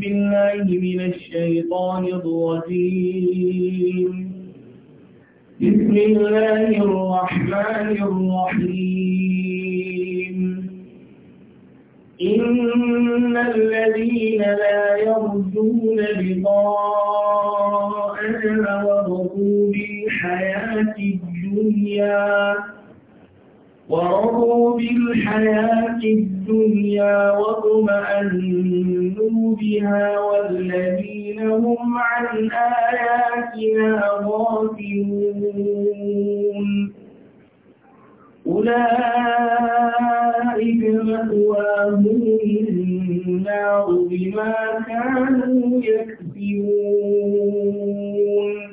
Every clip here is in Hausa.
بالله من الشيطان الرجيم بسم الله الرحمن الرحيم إن الذين لا يرجون لقاءنا ورضوا بالحياة الدنيا ورضوا بالحياة الدنيا واطمأنوا بها والذين هم عن آياتنا غافلون أولئك مأواهم النار بما كانوا يكسبون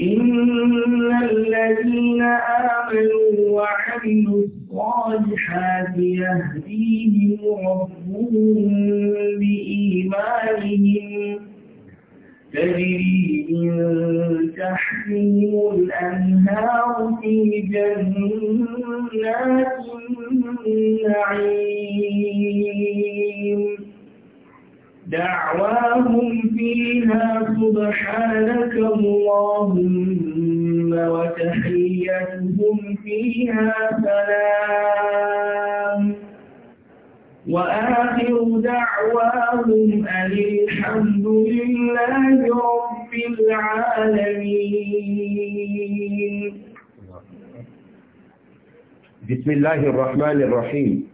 إن الذين آمنوا وعملوا الصالحات يهديهم ربهم بإيمانهم تجري من تحتهم الأنهار في جنات النعيم دعواهم فيها سبحانك اللهم وتحيتهم فيها سلام وآخر دعواهم أن الحمد لله رب العالمين بسم الله الرحمن الرحيم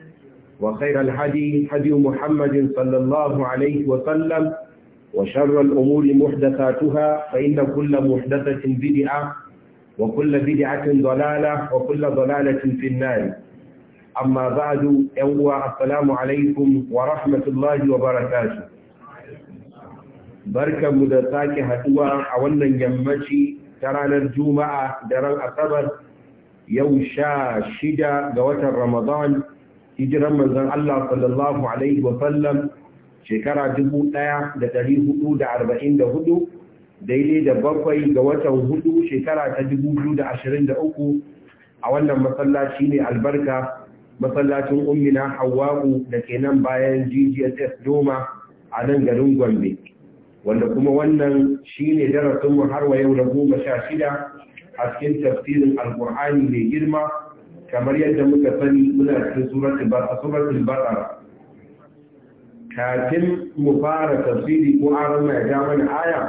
وخير الهدي هدي محمد صلى الله عليه وسلم وشر الأمور محدثاتها فإن كل محدثة بدعة وكل بدعة ضلالة وكل ضلالة في النار أما بعد أوى السلام عليكم ورحمة الله وبركاته بركة مدساك هدوى أولا يمشي ترانا الجمعة دران أصبر يوم شاشدة قوة رمضان hijiran manzon Allah sallallahu alaihi wa sallam shekara 1444 daidai da bakwai ga watan hudu shekara ta 2023 a wannan masallaci ne albarka masallacin ummina Hauwa'u da ke nan bayan GGSS Doma a nan garin Gombe wanda kuma wannan shine darasin mu har wa yau na goma sha shida a cikin tafsirin Alkur'ani mai girma kamar yadda muka sani muna cikin suratul baqara suratul baqara kafin mu fara tafsiri ko aron mai ga mana aya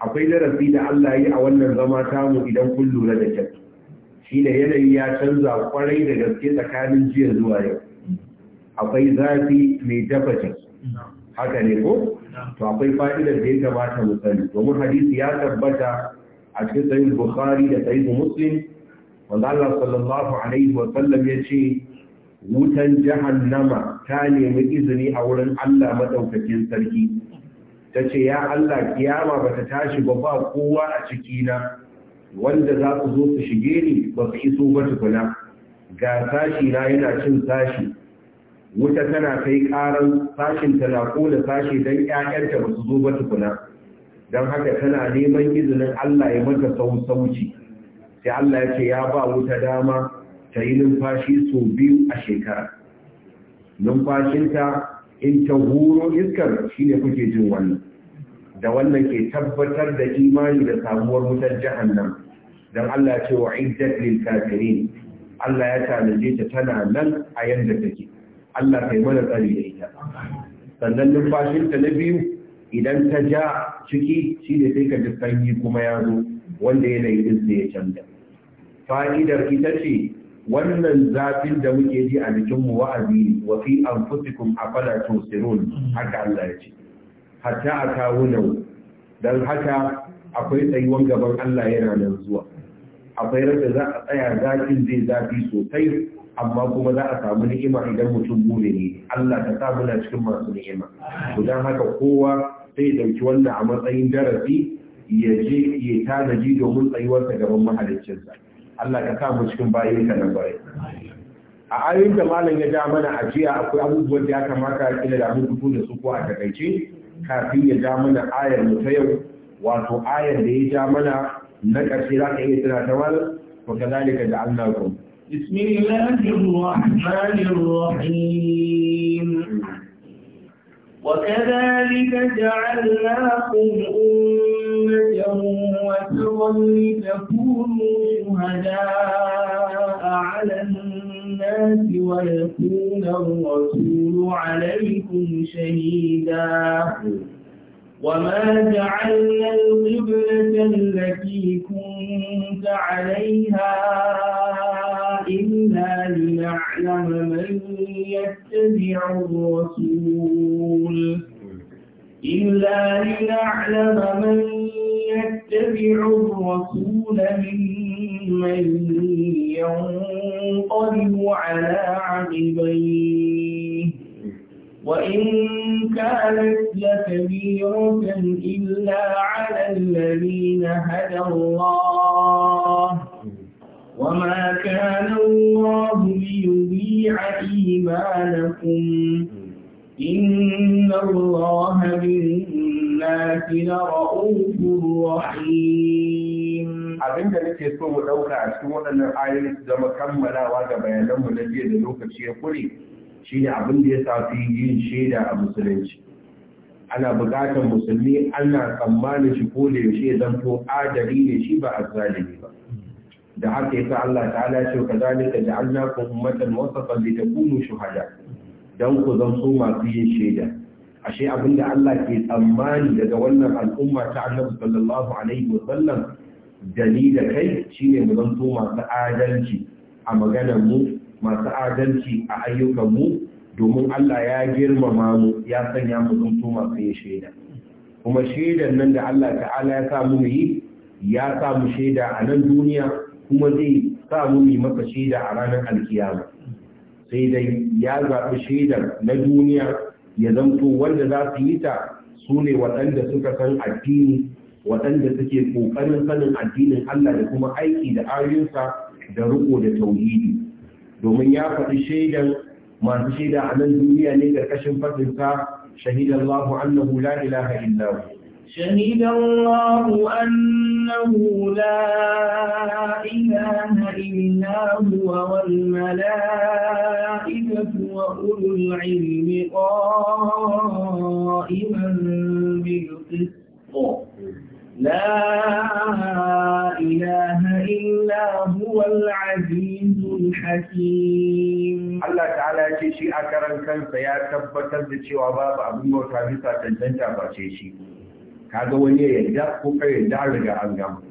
akwai darasi da Allah yi a wannan zama tamu idan kun lura da kyau shine yanayi ya canza kwarai da gaske tsakanin jiya zuwa yau akwai zafi mai dafa haka ne ko to akwai fa'idar da ya kamata mu sani domin hadisi ya tabbata a cikin sahih bukhari da sahih muslim wanda Allah sallallahu alaihi wa sallam ya ce wutan jahannama ta nemi izini a wurin Allah madaukakin sarki ta ce ya Allah kiyama ta tashi ba ba kowa a ciki na wanda za ku zo su shige ni ba su iso ba tukuna ga sashi na yana cin sashi wuta tana kai karan sashin tana kola sashi don 'ya'yanta ba su zo ba tukuna don haka tana neman izinin Allah ya mata sau sauci sai Allah ya ce ya ba wuta dama ta yi numfashi sau biyu a shekara numfashinta in ta huro iskar shi ne kuke jin wannan da wannan ke tabbatar da imani da samuwar wutar jahannan don Allah ya ce wa iddat lil kafirin Allah ya tanaje ta tana nan a yanda take Allah kai mana tsari da ita sannan numfashinta na biyu idan ta ja ciki shi ne sai ka ji sanyi kuma ya zo wanda yanayin da ya canza fa'idar ita ce wannan zafin da muke ji a jikinmu wa'azi wa fi anfusikum afala tusirun haka Allah ya ce hatta a kawo nan don haka akwai tsayuwan gaban Allah yana nan zuwa akwai rasa za a tsaya zafin zai zafi sosai amma kuma za a samu ni'ima idan mutum gobe ne Allah ta sa muna cikin masu ni'ima to dan haka kowa sai dauki wannan a matsayin darasi ya je ya tanaji domin tsayuwarsa gaban mahaliccinsa Allah ka mu cikin ka na bare. a ayin da malam ya ja mana ajiya akwai abubuwan da ya kamata kila da mun fito da su ko a takaice kafin ya ja mana ayar ta yau wato ayar da ya ja mana na ƙarshe za ka iya tana ta malam ko da Allah ku وكذلك جعلناكم أمة وسرا لتكونوا شهداء على الناس ويكون الرسول عليكم شهيدا وما جعلنا القبلة التي كنت عليها إلا لنعلم من يتبع الرسول إلا لنعلم من يتبع الرسول ممن ينقلب على عقبيه وإن كانت لكبيرة إلا على الذين هدى الله وما كان الله ليضيع إيمانكم إن الله بالناس لرؤوف رحيم abin da nake so mu ɗauka a cikin waɗannan ayoyi su zama kammalawa ga bayananmu na jiya da lokaci ya kure shine abin da ya safi yin shaida a musulunci ana buƙatar musulmi ana tsammanin shi ko da yaushe to adali ne shi ba ne. da haka yasa Allah ta'ala ce ka zalika ja'alnakum ummatan wasatan litakunu shuhada dan ku zamto masu yin shaida ashe abinda Allah ke tsammani daga wannan al'umma ta Annabi sallallahu alaihi wasallam dani da kai shine mu zanto masu adalci a maganar mu masu adalci a ayyukan mu domin Allah ya girmama mu ya sanya mu zanto masu yin shaida kuma shaidan nan da Allah ta'ala ya sa mu yi ya sa mu shaida a nan duniya kuma zai sa mu maka shaida a ranar alkiyama sai dai ya zaɓi shaidar na duniya ya zanto wanda za su yi ta su ne waɗanda suka san addini waɗanda suke ƙoƙarin sanin addinin Allah da kuma aiki da ayoyinsa da riko da tauhidi domin ya faɗi shaidan masu shaida a nan duniya ne ƙarƙashin fasinsa shahidallahu annahu la ilaha illahu شهد الله أنه لا إله إلا هو والملائكة وأولو العلم قائما بالقسط لا إله إلا هو العزيز الحكيم Allah ta'ala ya ce shi a karan kansa ya tabbatar da cewa babu abin bauta bisa shi kaga wani ya yarda ko kai yarda a riga an gama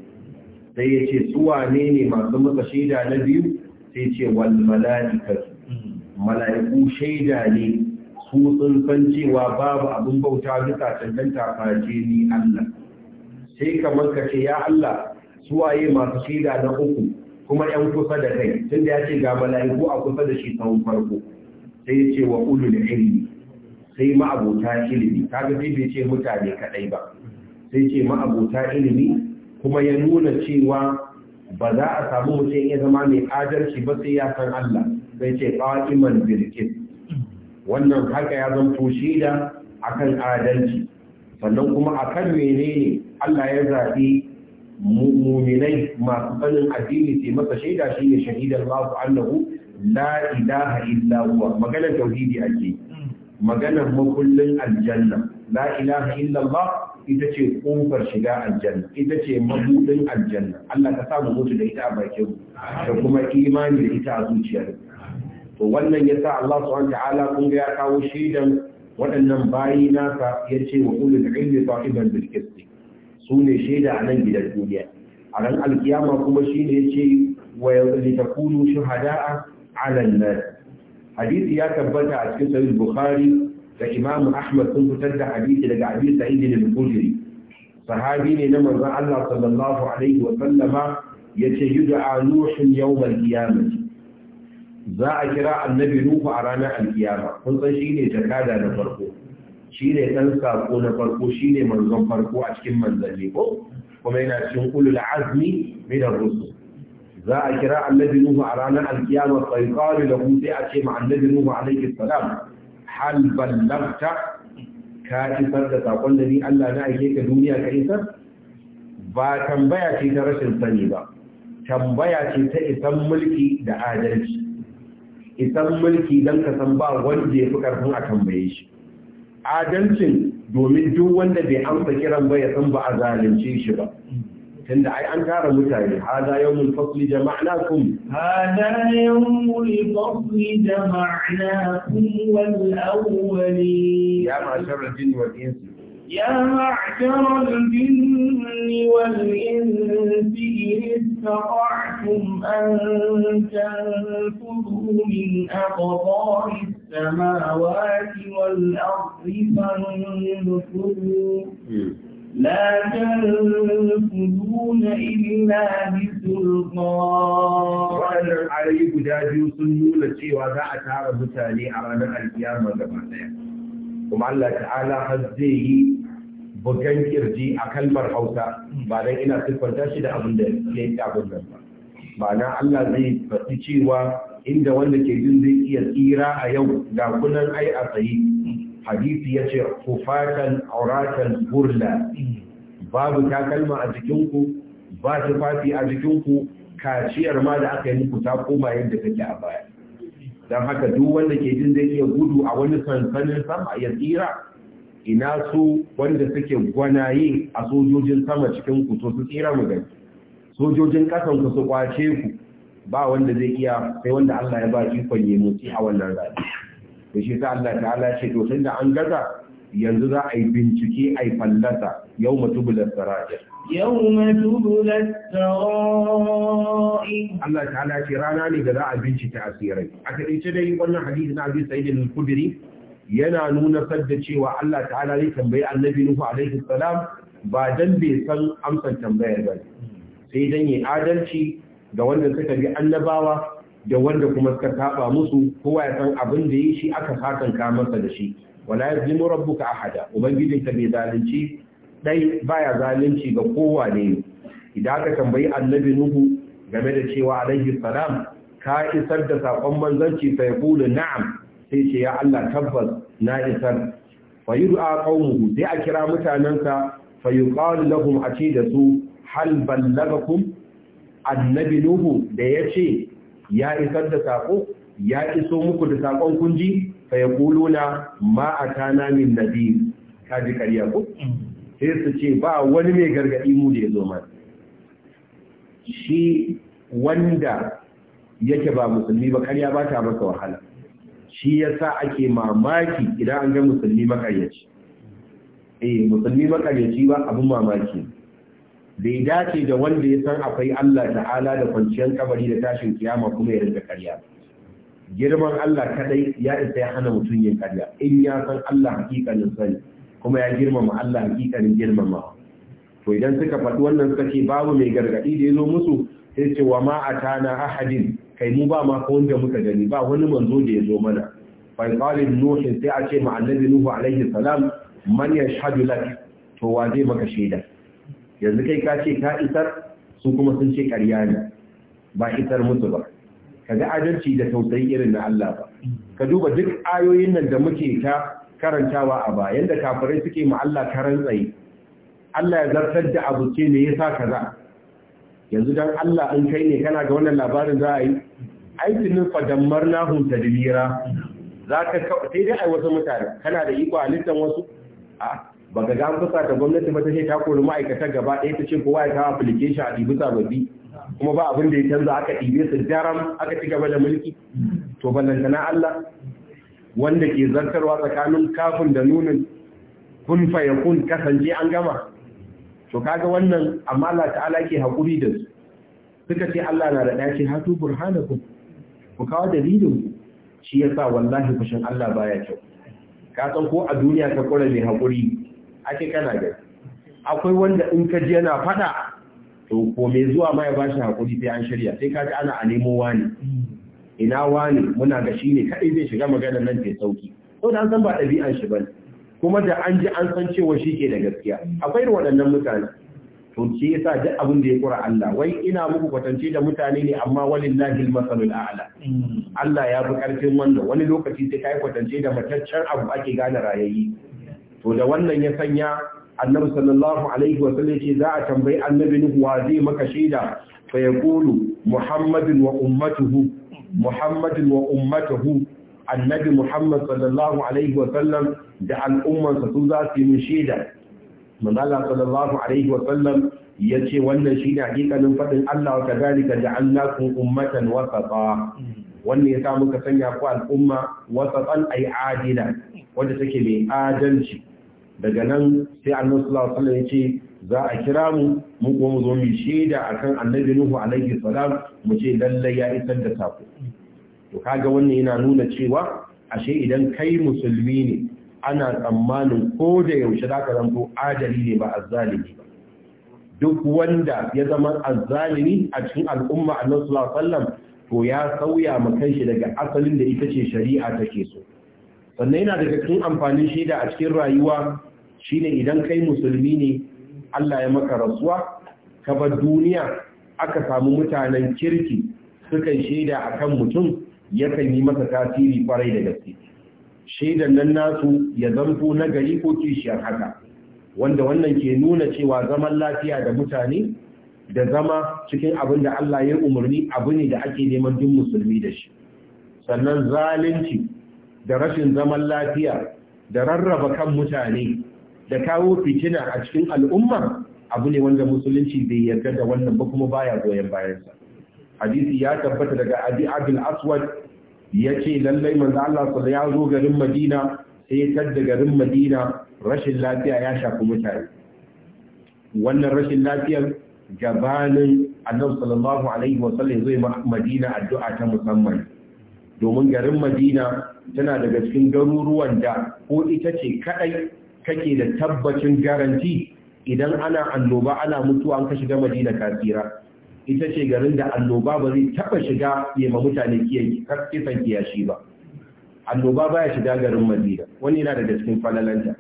sai ya ce su wane ne masu masa shaida na biyu sai ce wal mala'ika mala'iku shaida ne su sun san cewa babu abin bauta duka cancanta face ni Allah sai kamar ka ce ya Allah su waye masu shaida na uku kuma yan kusa da kai tunda ya ce ga mala'iku a kusa da shi tsawon farko sai ya ce wa ulul ilmi sai ma ma'abota ilimi kaga sai bai ce mutane kadai ba sai ce ma'abuta ilimi kuma ya nuna cewa ba za a samu mutum ya zama mai adalci ba sai ya san Allah sai ce qa'iman birkin wannan haka ya zanto da akan adalci sannan kuma akan menene Allah ya zaɓi muminai masu sanin addini sai masa shaida shi ne shahidar Allah annahu la ilaha illa huwa maganar tauhidi ake maganar makullin aljanna la ilaha illa Allah ita ce ƙofar shiga aljanna ita ce mabudin aljanna Allah ka samu mutu da ita a bakin da kuma imani da ita a zuciyar to wannan yasa Allah subhanahu wataala kun ga ya kawo shaidan waɗannan bayi nasa ya ce wa ulul ilmi sahiban bil qisti su ne shaida a nan gidan duniya a ran alkiyama kuma shine ya ce wa litakunu shuhada'a ala an-nas hadisi ya tabbata a cikin sahih bukhari da Imam Ahmad sun fitar da hadisi daga Abi Sa'id al-Khudri sahabi ne na manzon Allah sallallahu alaihi wa sallama yace yud'a nuhun yawm al-qiyamah za a kira annabi nuhu a ranar al-qiyama kun san shine jakada na farko shine dan sako na farko shine manzon farko a cikin manzanni ko kuma yana cikin ulul azmi min ar-rusul za a kira annabi nuhu a ranar al-qiyama fa yuqalu lahu sai a ce ma annabi nuhu alaihi salam hal ballagta ka isar da sakon da ni Allah na aike ka duniya ka isar ba tambaya ce ta rashin sani ba tambaya ce ta isan mulki da adalci isan mulki don ka san ba wanda ya fi karfin a tambaye shi adalcin domin duk wanda bai amsa kiran ba ya san ba a zalunce shi ba tunda ai an tara mutane hada yawmul fasli jama'nakum hada yawmul fasli jama'nakum wal awwali ya ma'shar al-jinn wal ins يا معشر الجن والإنس إن استطعتم أن تنفذوا من أقطار السماوات والأرض فانفذوا لا تنفذون إلا بسلطان wannan ayoyi guda biyu sun nuna cewa za a tara mutane a ranar alkiyama gaba daya kuma Allah ta'ala har zai yi bugan kirji a kalmar Hausa ba dan ina siffanta shi da abin da ya yi abin nan ba ma'ana Allah zai faɗi cewa inda wanda ke jin zai iya tsira a yau da kunan ai a tsaye hadisi ya ce kufatan auratan burla babu takalma a jikinku ba su tufafi a jikinku kaciyar ma da aka yi muku ta koma yadda take a baya don haka duk wanda ke jin zai iya gudu a wani sansanin sama ya tsira ina su wanda suke gwanaye a sojojin sama cikin ku to su tsira mu gani sojojin kasan ku su kwace ku ba wanda zai iya sai wanda Allah ya ba ikon yi motsi a wannan rana da shi Allah ta'ala ce to an gaza yanzu za a yi bincike a yi fallata. yau matubular sara'ir yau matubular sara'ir Allah ta'ala ce rana ne da za a bincike asirai a kaɗaice dai wannan hadisi na abin sa'idin kubiri yana nuna sadda cewa Allah ta'ala zai tambayi annabi Nuhu alaihi salam ba dan bai san amsar tambayar ba sai dan yi adalci ga wanda suka bi annabawa da wanda kuma suka saba musu kowa ya san abin da yi shi aka sakan ka masa da shi wala yazlimu rabbuka ahada ka bai zalunci dai baya zalunci ga kowa ne idan aka tambayi annabi nuhu game da cewa alaihi salam ka isar da sakon manzanci sai kula na'am sai ce ya Allah tabbas na isar fa yud'a qaumuhu sai a kira mutanansa fa yuqalu lahum a ce da su hal ballagakum annabi nuhu da ya ce. ya isar da saƙo, ya iso muku da saƙon kunji fa ya yaquluna ma tana min nadir kaji kariya ko sai su ce ba wani mai gargadi mu da ya zo mana shi wanda yake ba musulmi ba kariya ba ta masa wahala shi ya sa ake mamaki idan an ga musulmi makaryaci eh musulmi makaryaci ba abin mamaki ne bai dace da wanda ya san akwai Allah ta'ala da kwanciyar kabari da tashin kiyama kuma ya rinka karya girman Allah kadai ya isa ya hana mutum yin karya in ya san Allah hakikanin sani kuma ya girmama Allah hakikanin girmama to idan suka faɗi wannan suka ce babu mai gargaɗi da ya zo musu sai ce wa ma tana ahadin kai mu ba ma ko wanda muka gani ba wani manzo da ya zo mana fa qalin nuh sai a ce ma annabi nuhu alaihi salam man yashhadu lak to wa zai maka shaida yanzu kai ka ce ka isar su kuma sun ce ƙarya ne ba isar musu ba ka ga adalci da tausayi irin na Allah ba ka duba duk ayoyin nan da muke ta karantawa a ba yanda kafirai suke ma Allah karan tsaye Allah ya zartar da abu ce ne yasa kaza yanzu dan Allah in kai ne kana ga wannan labarin za a yi aikinin fadammar nahun tadbira za sai dai ai wasu mutane kana da iko a wasu a ba ga an fusa ta gwamnati ba ta ce ta kori ma'aikatar gaba ɗaya ta ce kowa ya kawo application a ɗibi sababi, kuma ba abin da ya canza aka ɗibe su daram aka ci gaba da mulki to ballantana Allah wanda ke zartarwa tsakanin kafin da nunin kun faya kun kasance an gama to kaga wannan amma Allah ta'ala ke haƙuri da su suka ce Allah na da ɗaya ce hatu burhanakum ku kawo dalilin shi yasa wallahi fushin Allah baya kyau ka san ko a duniya ka kura mai haƙuri ake kana da akwai wanda in ka ji yana fada to ko me zuwa mai bashin ba hakuri sai an shirya sai ka ana a nemo wani ina wani muna ga shi ne kaɗai zai shiga maganar nan ke sauki sau da an san ba ɗabi'an shi ba kuma da an ji an san cewa shi ke da gaskiya akwai waɗannan mutane to shi yasa duk abin da ya kura Allah wai ina muku kwatance da mutane ne amma walillahi al-masalul a'la mm. Allah ya fi karfin wanda wani lokaci sai kai kwatance da mataccen abu ake gane rayayi to da wannan ya sanya annabi sallallahu alaihi wa sallam ce za a tambayi annabi nuhu wa zai maka shaida fa yaqulu muhammadun wa ummatuhu muhammadun wa ummatuhu annabi muhammad sallallahu alaihi wa sallam da al'ummansa su za su yi shaida manzala sallallahu alaihi wa sallam yace wannan shine hakikanin fadin Allah wa kadhalika ja'alnakum ummatan wasata wannan ya sa muka sanya ku al'umma wasatan ay adila wanda take mai adalci daga nan sai annabi sallallahu alaihi wasallam ya ce za a kira mu mu mu zo mu shaida akan annabi nuhu alaihi salam mu ce lalle ya isar da sako to kaga wannan yana nuna cewa ashe idan kai musulmi ne ana tsammanin ko da yaushe za ka zanto adali ne ba azzalimi ba duk wanda ya zama azzalimi a cikin al'umma annabi sallallahu alaihi wasallam to ya sauya ma shi daga asalin da ita ce shari'a take so sannan yana daga cikin amfanin shaida a cikin rayuwa shine idan kai musulmi ne Allah ya maka rasuwa ka bar duniya aka samu mutanen kirki suka shaida akan mutum yakan yi masa tasiri kwarai da gaske shaidan nan nasu ya zanto na gari ko kishiyar haka wanda wannan ke nuna cewa zaman lafiya da mutane da zama cikin abin da Allah ya umarni abu ne da ake neman duk musulmi da shi sannan zalunci da rashin zaman lafiya da rarraba kan mutane da kawo fitina a cikin al'umma abu ne wanda musulunci bai yarda da wannan ba kuma baya goyon bayansa hadisi ya tabbata daga abi abdul aswad ya ce lallai manzo Allah sallallahu ya zo garin Madina sai ya tadda garin Madina rashin lafiya ya shafi mutane wannan rashin lafiyar gabanin annabi sallallahu alaihi sallam zai madina addu'a ta musamman domin garin madina tana daga cikin garuruwan da ko ita ce kadai kake da tabbacin garanti idan ana annoba ana mutuwa an ka shiga madina kafira ita ce garin da annoba ba zai taba shiga ma mutane kisan kiyashi ba annoba baya shiga garin madina wani yana da cikin falalanta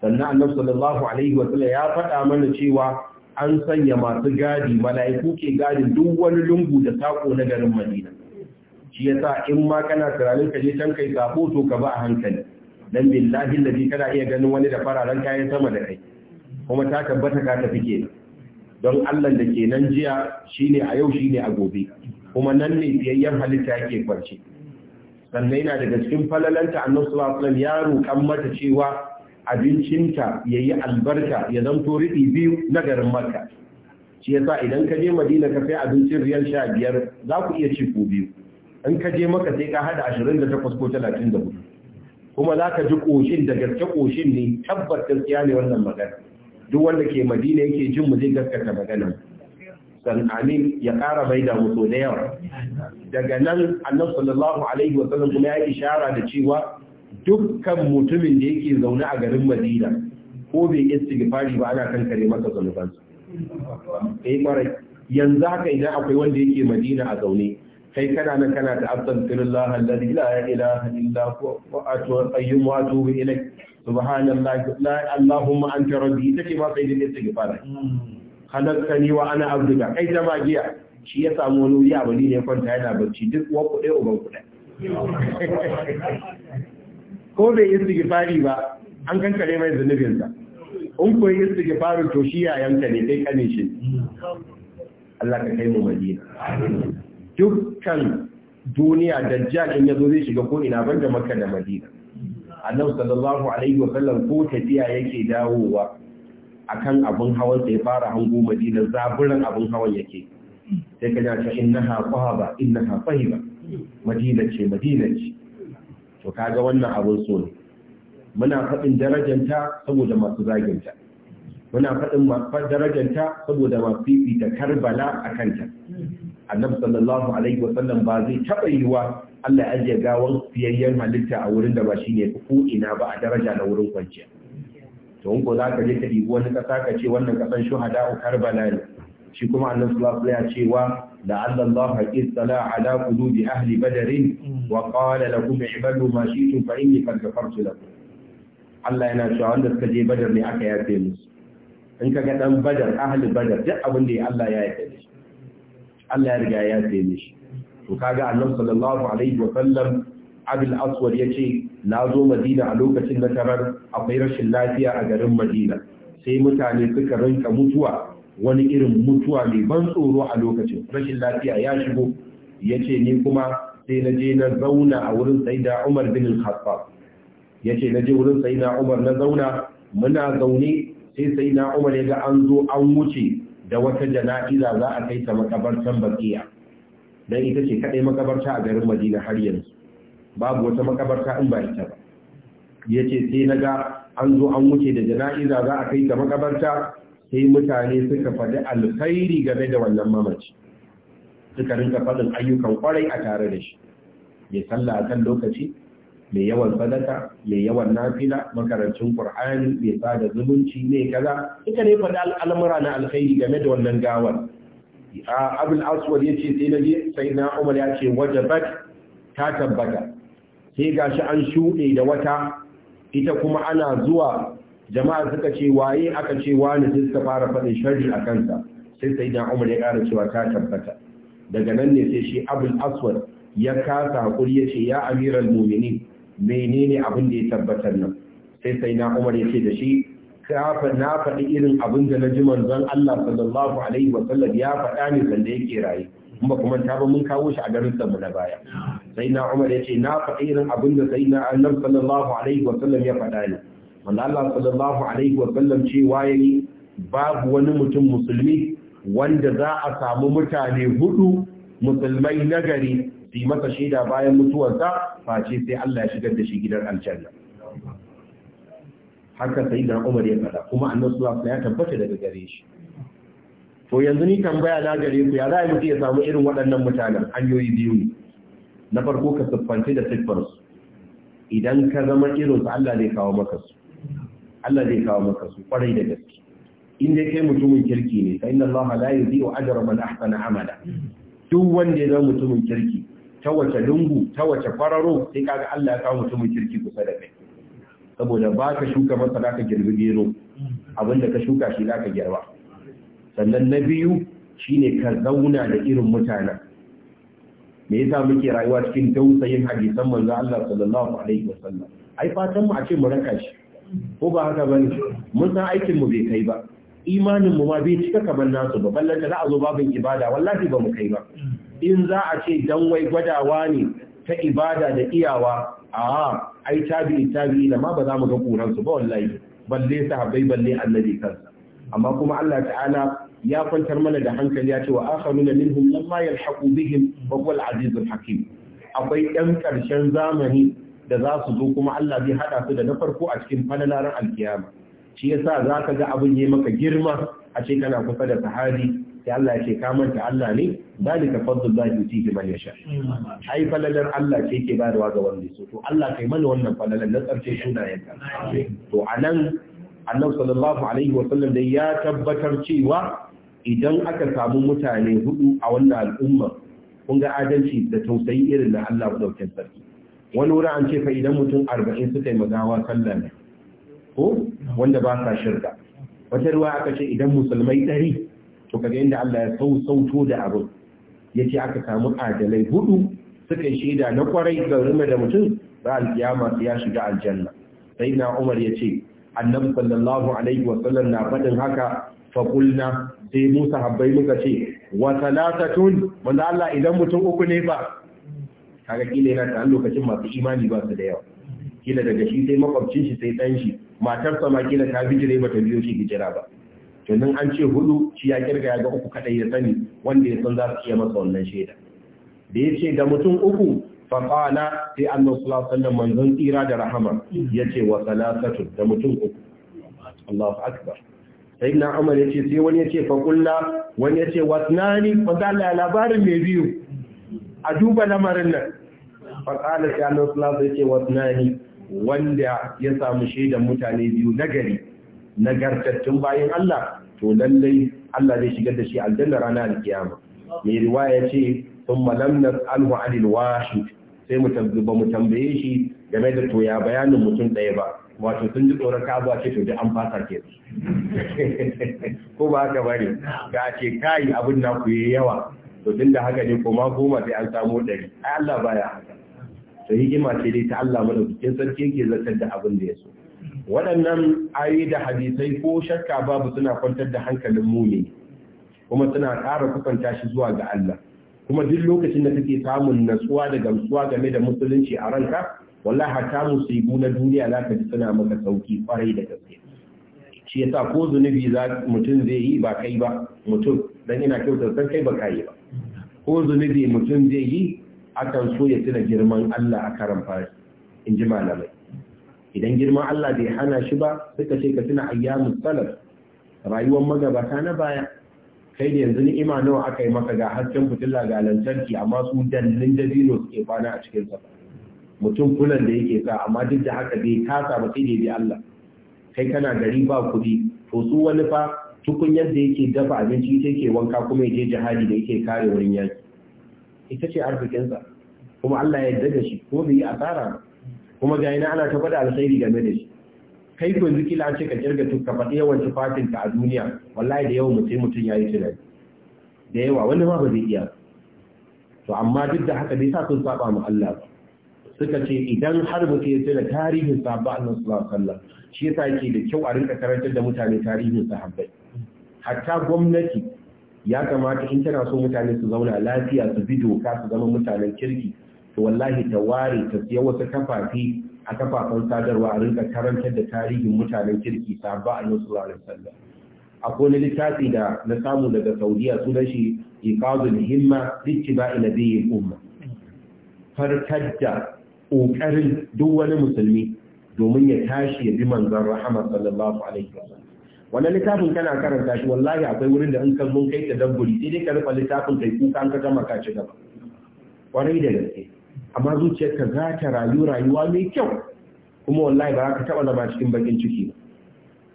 sannan annabi sallallahu alaihi sallam ya faɗa mana cewa an sanya masu gadi mala'iku ke gadi duk wani lungu da sako na garin madina shi yasa in ma kana tunanin ka je can kai sako to ka ba a hankali dan billahi ladi kana iya ganin wani da fararen kayan sama da kai kuma ta tabbata ka tafi kenan don Allah da ke nan jiya shine a yau shine a gobe kuma nan ne fiyayyen halitta yake kwance sannan yana daga cikin falalanta annabi sallallahu alaihi wasallam ya roƙan mata cewa abincinta ya yi albarka ya zanto riɗi biyu na garin makka shi yasa idan ka je madina ka sai abincin riyal sha biyar za ku iya ci ko biyu in ka je maka sai ka haɗa ashirin da takwas ko talatin da hudu kuma za ka ji ƙoshin da gaske ƙoshin ne tabbat gaskiya ne wannan magana duk wanda ke madina yake jin mu zai gaskata magana san amin ya ƙara mai da mutu da yawa daga nan annabi sallallahu alaihi wa sallam kuma ya ishara da cewa dukkan mutumin da yake zaune a garin madina ko bai istighfari ba ana kan kare masa zanubansa eh kwarai yanzu haka idan akwai wanda yake madina a zaune kai kana nan kana ta astaghfirullah alladhi la ilaha illa huwa wa atuqayyum wa atubu ilayk subhanallahi la allahumma anta rabbi take ba sai da istighfari khalaqtani wa ana abduka kai ta magiya shi ya samu wani wuri a bani ne kwanta yana bacci duk wa kuɗe uban kuɗe ko bai fari ba an kankare mai zunubinsa in ko istighfarin to shi yayanka ne kai kane shi Allah ka kai mu madina dukkan duniya da jajin ya yazo zai shiga ko ina banda makka da madina annabi sallallahu alaihi wa sallam ko tafiya yake dawowa akan abun hawan sai fara hango madina zaburan abun hawan yake sai ka ji ta innaha qahaba innaha fahiba madina ce madina ce to kaga wannan abin so ne muna faɗin darajanta saboda masu zaginta muna faɗin darajanta saboda masu fifita karbala a kanta annabi sallallahu alaihi wa sallam ba zai taɓa yiwa Allah ya ajiye gawan fiyayyen halitta a wurin da ba shi ne ko ina ba a daraja na wurin kwanciya to in ko za ka je ka ɗibi wani ƙasa ka ce wannan ƙasan shuhada a karbala ne shi kuma annabi sallallahu alaihi wasallam cewa la'alla Allah istala ala qulubi ahli badr wa qala lakum ibadu ma Shitu fa inni qad ghafartu lakum Allah yana cewa wanda suka je badar ne aka yafe musu in ka ga dan badar ahli badar duk abin da Allah ya yafe shi Allah ya riga ya yafe shi to kaga annabi sallallahu alaihi wasallam abul aswad yace na zo madina a lokacin na tarar akwai rashin lafiya a garin madina sai mutane suka rinka mutuwa wani irin mutuwa mai ban tsoro a lokacin rashin lafiya ya shigo ya ce ni kuma sai na je na zauna a wurin sai da umar bin al-khattab ya ce na je wurin sai na umar na zauna muna zaune sai sai na umar ya ga an zo an wuce da wata jana'iza za a kai ta makabartan bakiya dan ita ce kadai makabarta a garin madina har yanzu babu wata makabarta in ba ita ba ya ce sai na ga an zo an wuce da jana'iza za a kai ta makabarta sai mutane suka faɗi alkhairi game da wannan mamaci suka rinka faɗin ayyukan kwarai a tare da shi mai sallah akan lokaci mai yawan sadaka mai yawan nafila makarancin qur'ani mai sada zumunci ne kaza ita ne faɗi al'amura na alkhairi game da wannan gawar abul aswad ce sai na je sai na umar ya ce wajabat ta tabbata sai gashi an shuɗe da wata ita kuma ana zuwa jama'a suka ce waye aka ce wani sai suka fara faɗin sharri a kansa sai sai da umar ya ƙara cewa ta tabbata daga nan ne sai shi abul aswad ya kasa hakuri ya ce ya amiral mumini menene abin da ya tabbatar nan sai sai na umar ya ce da shi kafa na faɗi irin abin da na ji manzon Allah sallallahu alaihi wa sallam ya faɗa ne sanda yake raye kuma kuma ta ba mun kawo shi a garin mu na baya sai na umar ya ce na faɗi irin abin da sai na annabi sallallahu alaihi wa sallam ya faɗa ne wanda Allah sallallahu alaihi wa sallam cewa yayi babu wani mutum musulmi wanda za a samu mutane hudu musulmai nagari su yi masa shaida bayan mutuwarsa face sai Allah ya shigar da shi gidan aljanna haka sai da Umar ya fada kuma annabi sallallahu alaihi ya tabbata daga gare shi to yanzu ni tambaya na gare ku ya za mu ya samu irin waɗannan mutanen hanyoyi biyu ne na farko ka siffanci da siffarsu idan ka zama irinsu Allah zai kawo maka su Allah zai kawo maka su kwarai da gaske in dai kai mutumin kirki ne ka inda Allah la yudhi'u ajra man ahsana amala duk wanda ya zama mutumin kirki ta wace lungu ta wace kwararo sai kaga Allah ya kawo mutumin kirki kusa da kai saboda ba ka shuka masa za ka girbi gero abinda ka shuka shi za ka girba sannan na biyu shine ka zauna da irin mutanen me yasa muke rayuwa cikin tausayin hadisan manzo Allah sallallahu alaihi wasallam ai fatan mu a ce mu raka shi ko ba haka bane mun san aikin mu bai kai ba imanin mu ma bai cika kamar nasu ba ballan da za a zo babin ibada wallahi ba mu kai ba in za a ce dan wai gwadawa ne ta ibada da iyawa a ai tabi, tabi'i na ma ba za mu ga kuran su ba wallahi balle sahabbai balle annabi kansa amma kuma Allah ta'ala ya kwantar mana da hankali ya ce wa akharuna minhum lamma yalhaqu bihim wa huwa al-azizul hakim akwai ɗan ƙarshen zamani da za su zo kuma Allah zai haɗa su da na farko a cikin falalaran alkiyama shi yasa za ka ga abin yi maka girma a ce kana kusa da sahabi sai Allah ya ce ka manta Allah ne zalika fadlul lahi yutihi man yasha ai falalar Allah ce yake bayarwa ga wanda so to Allah kai mana wannan falalar na tsarce sunayenka to anan annabi sallallahu alaihi wa sallam dai ya tabbatar cewa idan aka samu mutane hudu a wannan al'umma kun ga adalci da tausayi irin na Allah madaukakin sarki wani wuri an ce fa idan mutum arba'in suka yi magawa sallah ne ko wanda ba sa shirka wata ruwa aka ce idan musulmai ɗari to kaga inda Allah ya sauto da abin ya ce aka samu adalai hudu suka yi shaida na kwarai ga rume da mutum ba alkiyama ya shiga aljanna sai na umar ya ce annabi sallallahu alaihi wa sallam na faɗin haka faƙulna sai musa habbai muka ce wa talatatun wanda Allah idan mutum uku ne ba kaga kila yana da lokacin masu imani ba su da yawa kila daga shi sai makwabcin shi sai dan shi matarsa ma kila ta bijire bata biyo shi hijira ba to nan an ce hudu shi ya kirga ya ga uku kadai ya sani wanda ya san za su iya masa wannan shaida da ya ce ga mutum uku qala sai annabi sallallahu alaihi wasallam manzon tsira da rahama yace wa salasatu da mutum uku Allahu akbar sai na Umar yace sai wani yace fa kullu wani yace wasnani fa dalla labarin mai biyu a duba lamarin nan faƙala ya lausula sai ce wasnani wanda ya samu shaidan mutane biyu na nagari nagartattun bayan Allah to lallai Allah zai shigar da shi aljanna ranar alkiyama mai riwaya ce sun malam nas'alhu anil wahid sai mu ba mu tambaye shi game da to ya bayanin mutum ɗaya ba wato sun ji tsoron ka zuwa ce to da an fasa ke ko ba haka bane ga ce kai abin na ku yawa to da haka ne koma goma sai an samu ɗari ai Allah baya haka to hikima ce dai ta Allah madaukakin sarki yake zartar da abin da ya so waɗannan ayoyi da hadisai ko shakka babu suna kwantar da hankalin mumini kuma suna ƙara kusanta shi zuwa ga Allah kuma duk lokacin da kake samun natsuwa da gamsuwa game da musulunci a ranka wallahi hatta musibu na duniya za ka ji suna maka sauki kwarai da gaske shi yasa ko zunubi za mutum zai yi ba kai ba mutum dan ina kyautar san kai ba kai ba ko zunubi mutum zai yi akan so ya tuna girman Allah a karan fara in ji malamai idan girman Allah bai hana shi ba ka ce ka tuna ayyamus salaf rayuwar magabata na baya kai da yanzu ni'ima nawa aka yi maka ga hasken fitila ga lantarki amma su dallin dabino suke kwana a cikin sa mutum kulan da yake sa amma duk da haka bai kasa ba sai da bi Allah kai kana gari ba kuɗi to su wani fa tukunyar da yake dafa abinci ta yake wanka kuma yake jihadi da yake kare wurin yaki ita ce arzikinsa kuma Allah ya yarda da shi ko bai yi asara kuma ga ina ana ta gwada alkhairi game da shi kai ko yanzu kila ce ka kirga ka faɗi yawan tufafin ka a duniya wallahi da yau mutum mutum ya yi tunani da yawa wani ma ba zai iya to amma duk da haka dai sa sun saba mu Allah suka ce idan har mutum ya tuna tarihin sahabba Allah sallallahu alaihi wasallam shi yasa yake da kyau a rinka karantar da mutane tarihin sahabbai hatta gwamnati ya kamata in tana so mutane su zauna lafiya su bi doka su zama mutanen kirki to wallahi ta ware ta siya wasu kafafi a kafafen sadarwa a rinka karantar da tarihin mutanen kirki ba a nasu ranar sallah akwai wani littafi da na samu daga saudiya sunan shi himma littiba'i umma farkar da ƙoƙarin duk wani musulmi domin ya tashi ya bi manzan rahama sallallahu alaihi wasallam wannan littafin kana karanta shi wallahi akwai wurin da in ka zo kai ta dabburi sai dai ka rufe littafin kai kuka an ka gama ka ci gaba kwarai da gaske amma zuciyarka za ta rayu rayuwa mai kyau kuma wallahi ba za ka taɓa zama cikin bakin ciki ba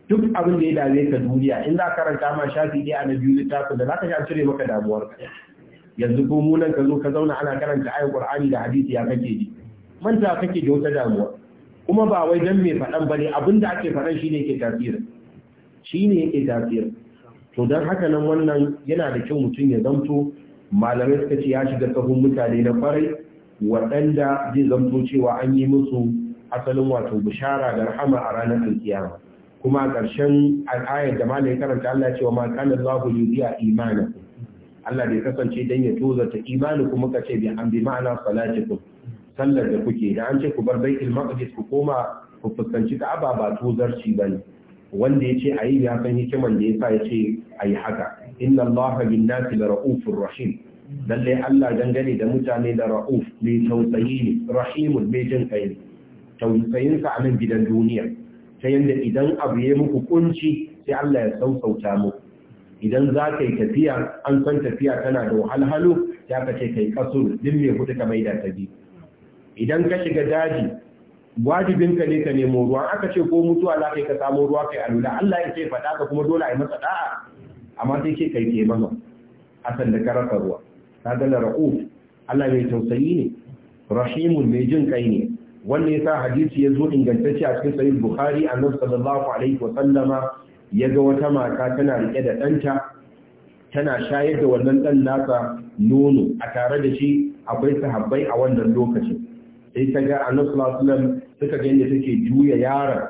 duk abin da ya dame ka duniya in za ka karanta ma shafi ɗaya na biyu littafin da za ka sha cire maka damuwarka yanzu ko munan nan ka zo ka zauna ana karanta ayin qur'ani da hadisi ya kake ji manta kake da wata damuwa kuma ba wai dan mai faɗan bane abinda ake faɗan shine ke tasirin shi ne yake tafiyar to don haka nan wannan yana da kyau mutum ya zamto malamai suka ce ya shiga tsohon mutane na kwarai waɗanda zai zamto cewa an yi musu asalin wato bishara da rahama a ranar alkiyama kuma a ƙarshen al'ayar da malai karanta Allah cewa ma kana Allahu a imanakum Allah bai kasance dan ya ta imani kuma kace bi an bi ma'ana salatikum sallar da kuke da an ce ku bar baitul maqdis ku koma ku fuskanci Ka'aba ba tozarci bane wanda ya ce a yi ya san hikiman da ya sa ya ce a yi haka inna allaha bin nasi la ra'ufur rahim lalle Allah dangane da mutane da ra'uf mai tausayi ne rahimun mai jin kai ne tausayin sa a nan gidan duniya ta yanda idan abu ya muku kunci sai Allah ya sausauta mu. idan za ka yi tafiya an san tafiya tana da wahalhalu ya ka ce kai kasuru din mai hudu ka da ta bi idan ka shiga daji wajibin ka ne ka nemo ruwa aka ce ko mutuwa za ka yi ka samo ruwa kai a lula? Allah ya ce faɗa ka kuma dole a yi masa da'a amma sai ke kai ke mama asan da rasa ruwa ka ga la ra'u Allah mai tausayi ne rahimun mai jin kai ne wannan yasa hadisi ya zo ingantacce a cikin sahih bukhari annabi sallallahu alaihi wa sallama ya ga wata mata tana rike da ɗanta tana shayar da wannan ɗan nasa nono a tare da shi akwai sahabbai a wannan lokacin sai ta ga annabi suka ga yadda take juya yaron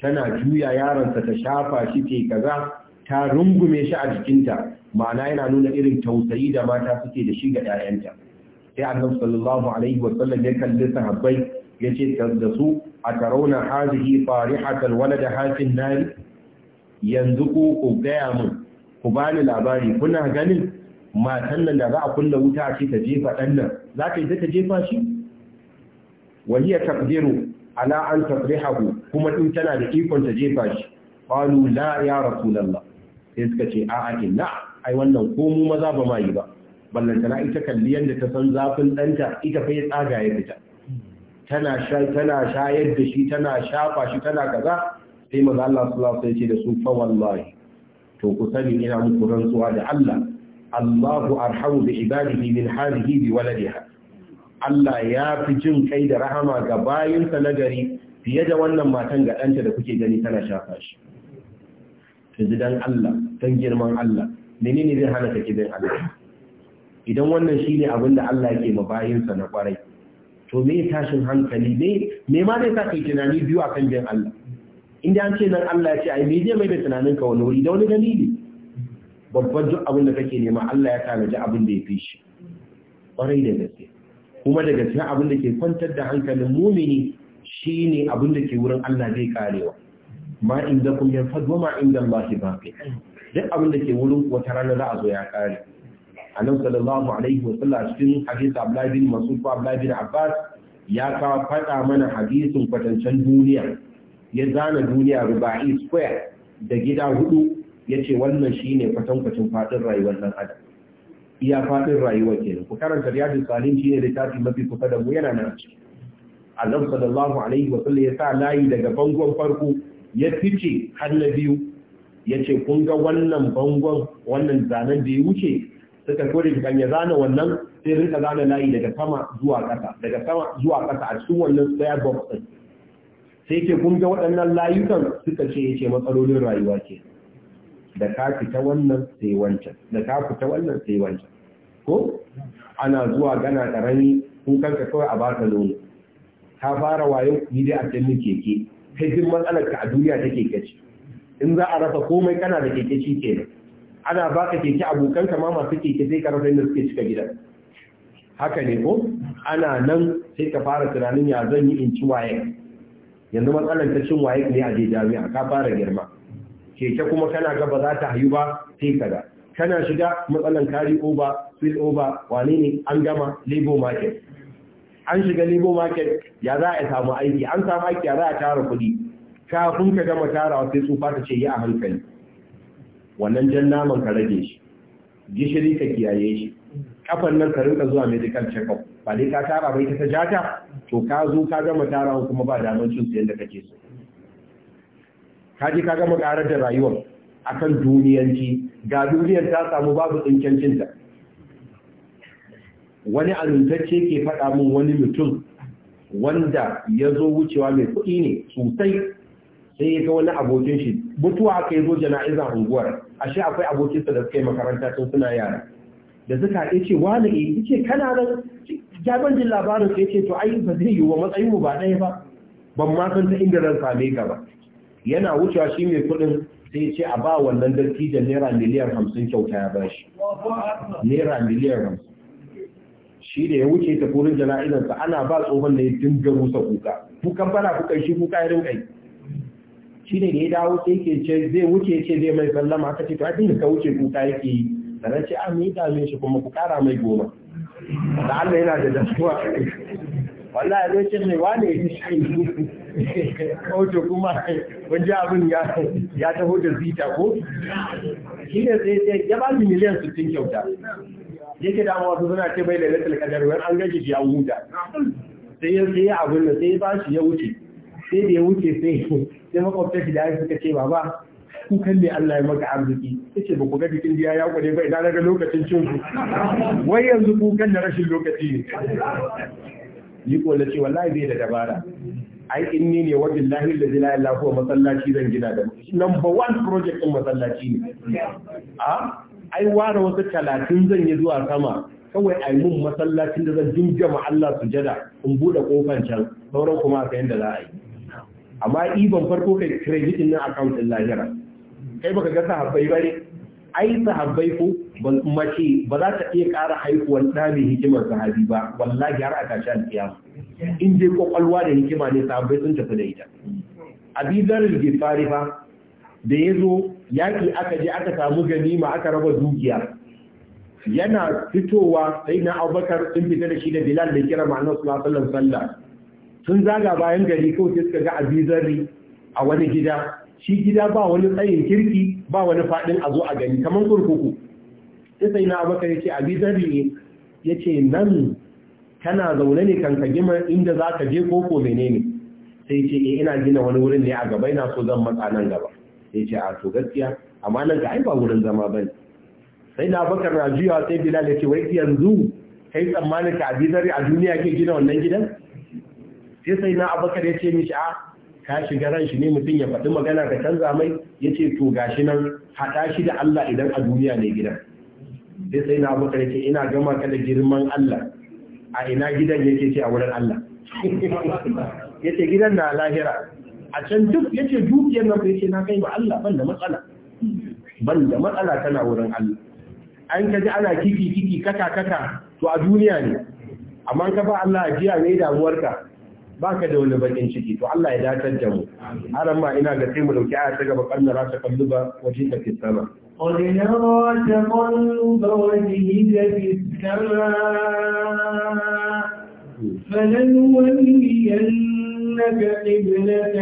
tana juya yaronsa ta shafa shi ke kaza ta rungume shi a jikinta ma'ana yana nuna irin tausayi da mata suke da shi ga 'ya'yanta sai annabi alaihi wa ya kalli sahabbai ya ce da su a tarauna hazihi wani da hafin nari yanzu ku ku gaya min ku bani labari kuna ganin matan nan da za a kulla wuta ce ta jefa ɗan nan za ka yi ta jefa shi wa hiya taqdiru ala an tadrihahu kuma in tana da ikon ta jefa shi qalu la ya rasulullah sai suka ce a'a inna ai wannan ko mu maza ba ma yi ba ballantana ita kalli yadda ta san zafin ɗanta ita fa ya tsaga ya fita tana tana shayar da shi tana shafa shi tana kaza sai maza Allah sallallahu alaihi ce da su fa wallahi to ku sani ina muku rantsuwa da Allah Allahu arhamu bi ibadihi min hadhihi bi waladiha Allah ya fi jin kai da rahama ga bayinsa na gari fiye da wannan matan ga ɗanta da kuke gani tana shafa shi. ji don Allah, don girman Allah, menene zai hana ka don Allah. Idan wannan shi ne abin da Allah ke ma bayinsa na kwarai, to me tashin hankali ne, me ma zai sa kai tunani biyu a kan jin Allah. Inda an ce nan Allah ya ce, ai me zai mai da tunanin ka wani wuri da wani dalili. Babban duk abin da kake nema Allah ya tanaji abin da ya fi shi. Ƙwarai da gaske. kuma daga cikin abin da ke kwantar da hankalin mumini shine abin da ke wurin Allah zai karewa ma inda kun yanfad fadu ma inda Allah baqi duk abin da ke wurin wata rana za a zo ya kare annabi sallallahu alaihi wa sallam cikin hadisi Abdullah bin Mas'ud ko Abdullah bin Abbas ya ka faɗa mana hadisin kwatancen duniya ya zana duniya ruba'i square da gida hudu yace wannan shine kwatankwacin fadin rayuwar dan adam iya faɗin rayuwa kenan ku karanta riyadu salim shi ne littafi mafi kusa da mu yana nan ciki annabi sallallahu alaihi wa sallam ya sa layi daga bangon farko ya fice har na biyu ya ce kun ga wannan bangon wannan zanen da ya wuce suka kore kan ya zana wannan sai rinka zana layi daga sama zuwa ƙasa daga sama zuwa ƙasa a cikin wannan tsaya box din sai ke kun ga waɗannan layukan suka ce ya ce matsalolin rayuwa ke da ka fita wannan sai wancan da ka fita wannan sai wancan ko ana zuwa gana karami kun kanka kawai a baka nono ka fara wayo yi dai a cikin keke kai duk matsalar a duniya ta keke in za a rasa komai kana da keke shi kenan ana baka keke abokan ka ma masu keke sai ka rasa inda suke cika gida haka ne ko ana nan sai ka fara tunanin ya zan yi in ci waye yanzu matsalar ta cin waye ne a je jami'a ka fara girma keke kuma kana ga ba za ta hayu ba sai kaza kana shiga matsalan kari over fill over Wani ne an gama labor market an shiga labor market ya za a samu aiki an samu aiki ya za a tara kuɗi kafin ka gama tarawa sai tsufa ta ce yi a hankali wannan jan naman ka rage shi gishiri ka kiyaye shi kafan nan ka rinka zuwa medical check-up ba dai ka tara bai ta jata to ka zo ka gama tarawa kuma ba damar cin sayan da kake so Kaji ka gama karar da rayuwar akan duniyanci ga duniyar ta samu babu tsinkencin ta wani amintacce ke faɗa min wani mutum wanda ya zo wucewa mai kuɗi ne sosai sai ya ga wani abokin shi mutuwa aka yi zo jana'iza unguwar ashe akwai abokinsa da suka yi makaranta tun suna yara da suka haɗe ce wani e eh, ce kana nan jaban jin labarin sai ce to ai ba zai yi wa matsayin mu ba ɗaya ba ban ma san ta inda ran same ka ba yana wucewa shi mai kuɗin sai ce a ba wannan dattijan naira miliyan hamsin kyauta ya bashi naira miliyan hamsin shi da ya wuce ta kurin jana'izarsa ana ba tsohon da ya dinga rusa kuka kukan bana kuka shi kuka ya kai yi shi ne da ya dawo sai ke ce zai wuce ce zai mai sallama aka ce to abin da ka wuce kuka yake yi sannan ce ah, a mai dame shi kuma ku kara mai goma da Allah yana da damuwa wallahi zai ce mai wane ya fi shi kawato kuma wani abin ya taho da zita ko shi ne sai sai ya ba miliyan sittin kyauta yake da wasu suna ce bai da latin kadar wani an gaji shi an huta sai ya sai abin da sai ba shi ya wuce sai da ya wuce sai sai makwabta shi da ya suka ce baba kun kalle Allah ya maka arziki yace ba ku ga cikin jiya ya kwade ba idan daga lokacin cin ku wai yanzu kun kalle rashin lokaci ne ni ko ce wallahi bai da dabara ai inni ne wa billahi allazi la ilaha huwa masallaci zan gina da number one project din masallaci ne a ai ware wasu talatin zan yi zuwa sama kawai ai mun masallacin da zan ma Allah sujada in bude kofan can sauran kuma aka yanda za a yi amma ban farko kai credit din account din lahira kai baka ga sahabbai bare ai sahabbai ko mace ba za ta iya ƙara haihuwar ɗa mai hikimar sahabi ba wallahi har a tashi alkiyama in je kwakwalwa da hikima ne sahabbai sun tafi da ita abizar gifari fa da ya zo yaƙi aka je aka samu gani ma aka raba dukiya yana fitowa sai na abubakar sun fita da shi da bilal da kira ma'anar sallallahu sallah sun zaga bayan gari kawai sai suka ga abizari a wani gida shi gida ba wani tsayin kirki ba wani faɗin a zo a gani kamar kurkuku sai sai na abaka yake abi ne nan kana zaune ne kan ka gima inda za ka je koko menene sai ce e ina gina wani wurin ne a gaba ina so zan matsa nan gaba sai ce a to gaskiya amma nan ga ai ba wurin zama bane sai na na juyawa sai bilal yace wai yanzu kai tsammanin ka abi zarri a duniya ke gina wannan gidan sai sai na abakar mishi a ka shiga ran shi ne mutum ya faɗi magana ka canza mai yace to gashi nan haɗa shi da Allah idan a duniya ne gidan sai sai na abubakar yake ina gama ka da girman Allah a ina gidan yake ce a wurin Allah yace gidan na lahira a can duk yace dukiyar nan yace na kai ba Allah ban da matsala ban da matsala tana wurin Allah an ka ji ana kiki kiki kaka kaka to a duniya ne amma ka ba Allah ajiya ne damuwarka baka da wani bakin ciki to Allah ya datar da mu haram ma ina ga sai mu dauki aya ta gaba kannara ta kalluba waje ka fi sama قد نرى تقلب وجهك في السماء فلنولينك قبلة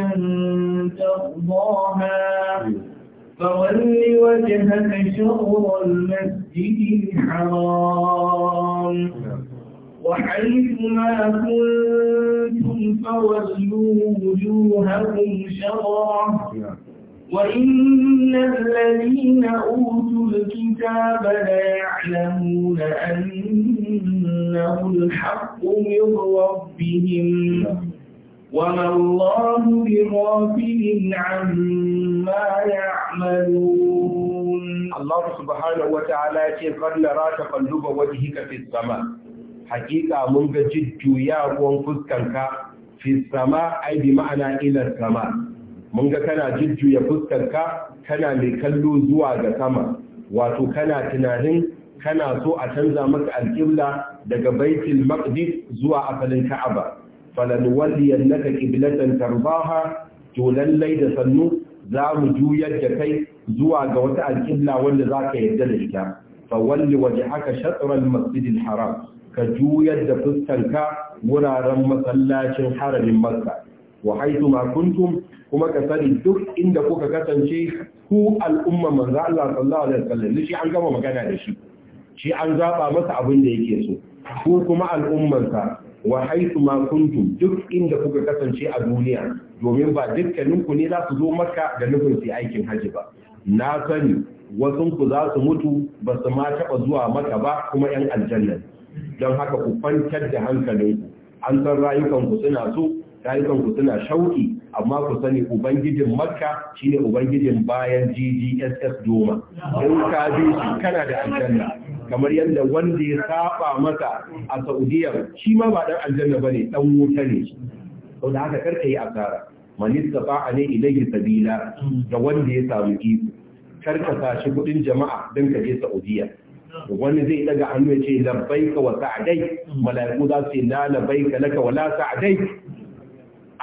ترضاها فول وجهك شر المسجد الحرام وحيث ما كنتم فولوا وجوهكم شرعا وإن الذين أوتوا الكتاب ليعلمون أنه الحق من ربهم وما الله بغافل عما يعملون الله سبحانه وتعالى قد نرى تقلب وجهك في السماء hakika mun ga jujjuya ruwan fuskanka fi sama ai bi ma'ana ila sama mun ga kana jujjuya fuskanka kana mai kallo zuwa ga sama wato kana tunanin kana so a canza maka alƙibla daga baitul maqdis zuwa asalin ka'aba falan walliyannaka qiblatan tarbaha to lallai da sannu za mu juyar da kai zuwa ga wata alƙibla wanda za ka yarda da ita fawalli waje haka shatsarar masjidin haram ka juyar da fuskanka wuraren masallacin haramin makka wa haitu ma kuma ka sani duk inda kuka kasance ku al'umma manzo Allah sallallahu alaihi wasallam shi an gama magana da shi shi an zaba masa abin da yake so ku kuma al'ummanka wa haitu ma duk inda kuka kasance a duniya domin ba dukkaninku ne za su zo maka da nufin su aikin haji ba na sani wasun ku za su mutu ba su ma taɓa zuwa maka ba kuma 'yan aljanna don haka ku kwantar da hankalinku an san rayukanku suna so rayukanku suna shauki amma ku sani ubangijin makka shine ubangijin bayan ggss doma in ka bi shi kana da aljanna kamar yadda wanda ya saba masa a saudiya shi ma ba dan aljanna bane dan wuta ne to da haka karka yi asara manista ba a ne sabila da wanda ya samu iko karka sa shi kudin jama'a don ka je saudiya wani zai daga hannu ya ce ka wa sa'adai mala'iku za su yi la ka laka wa la sa'adai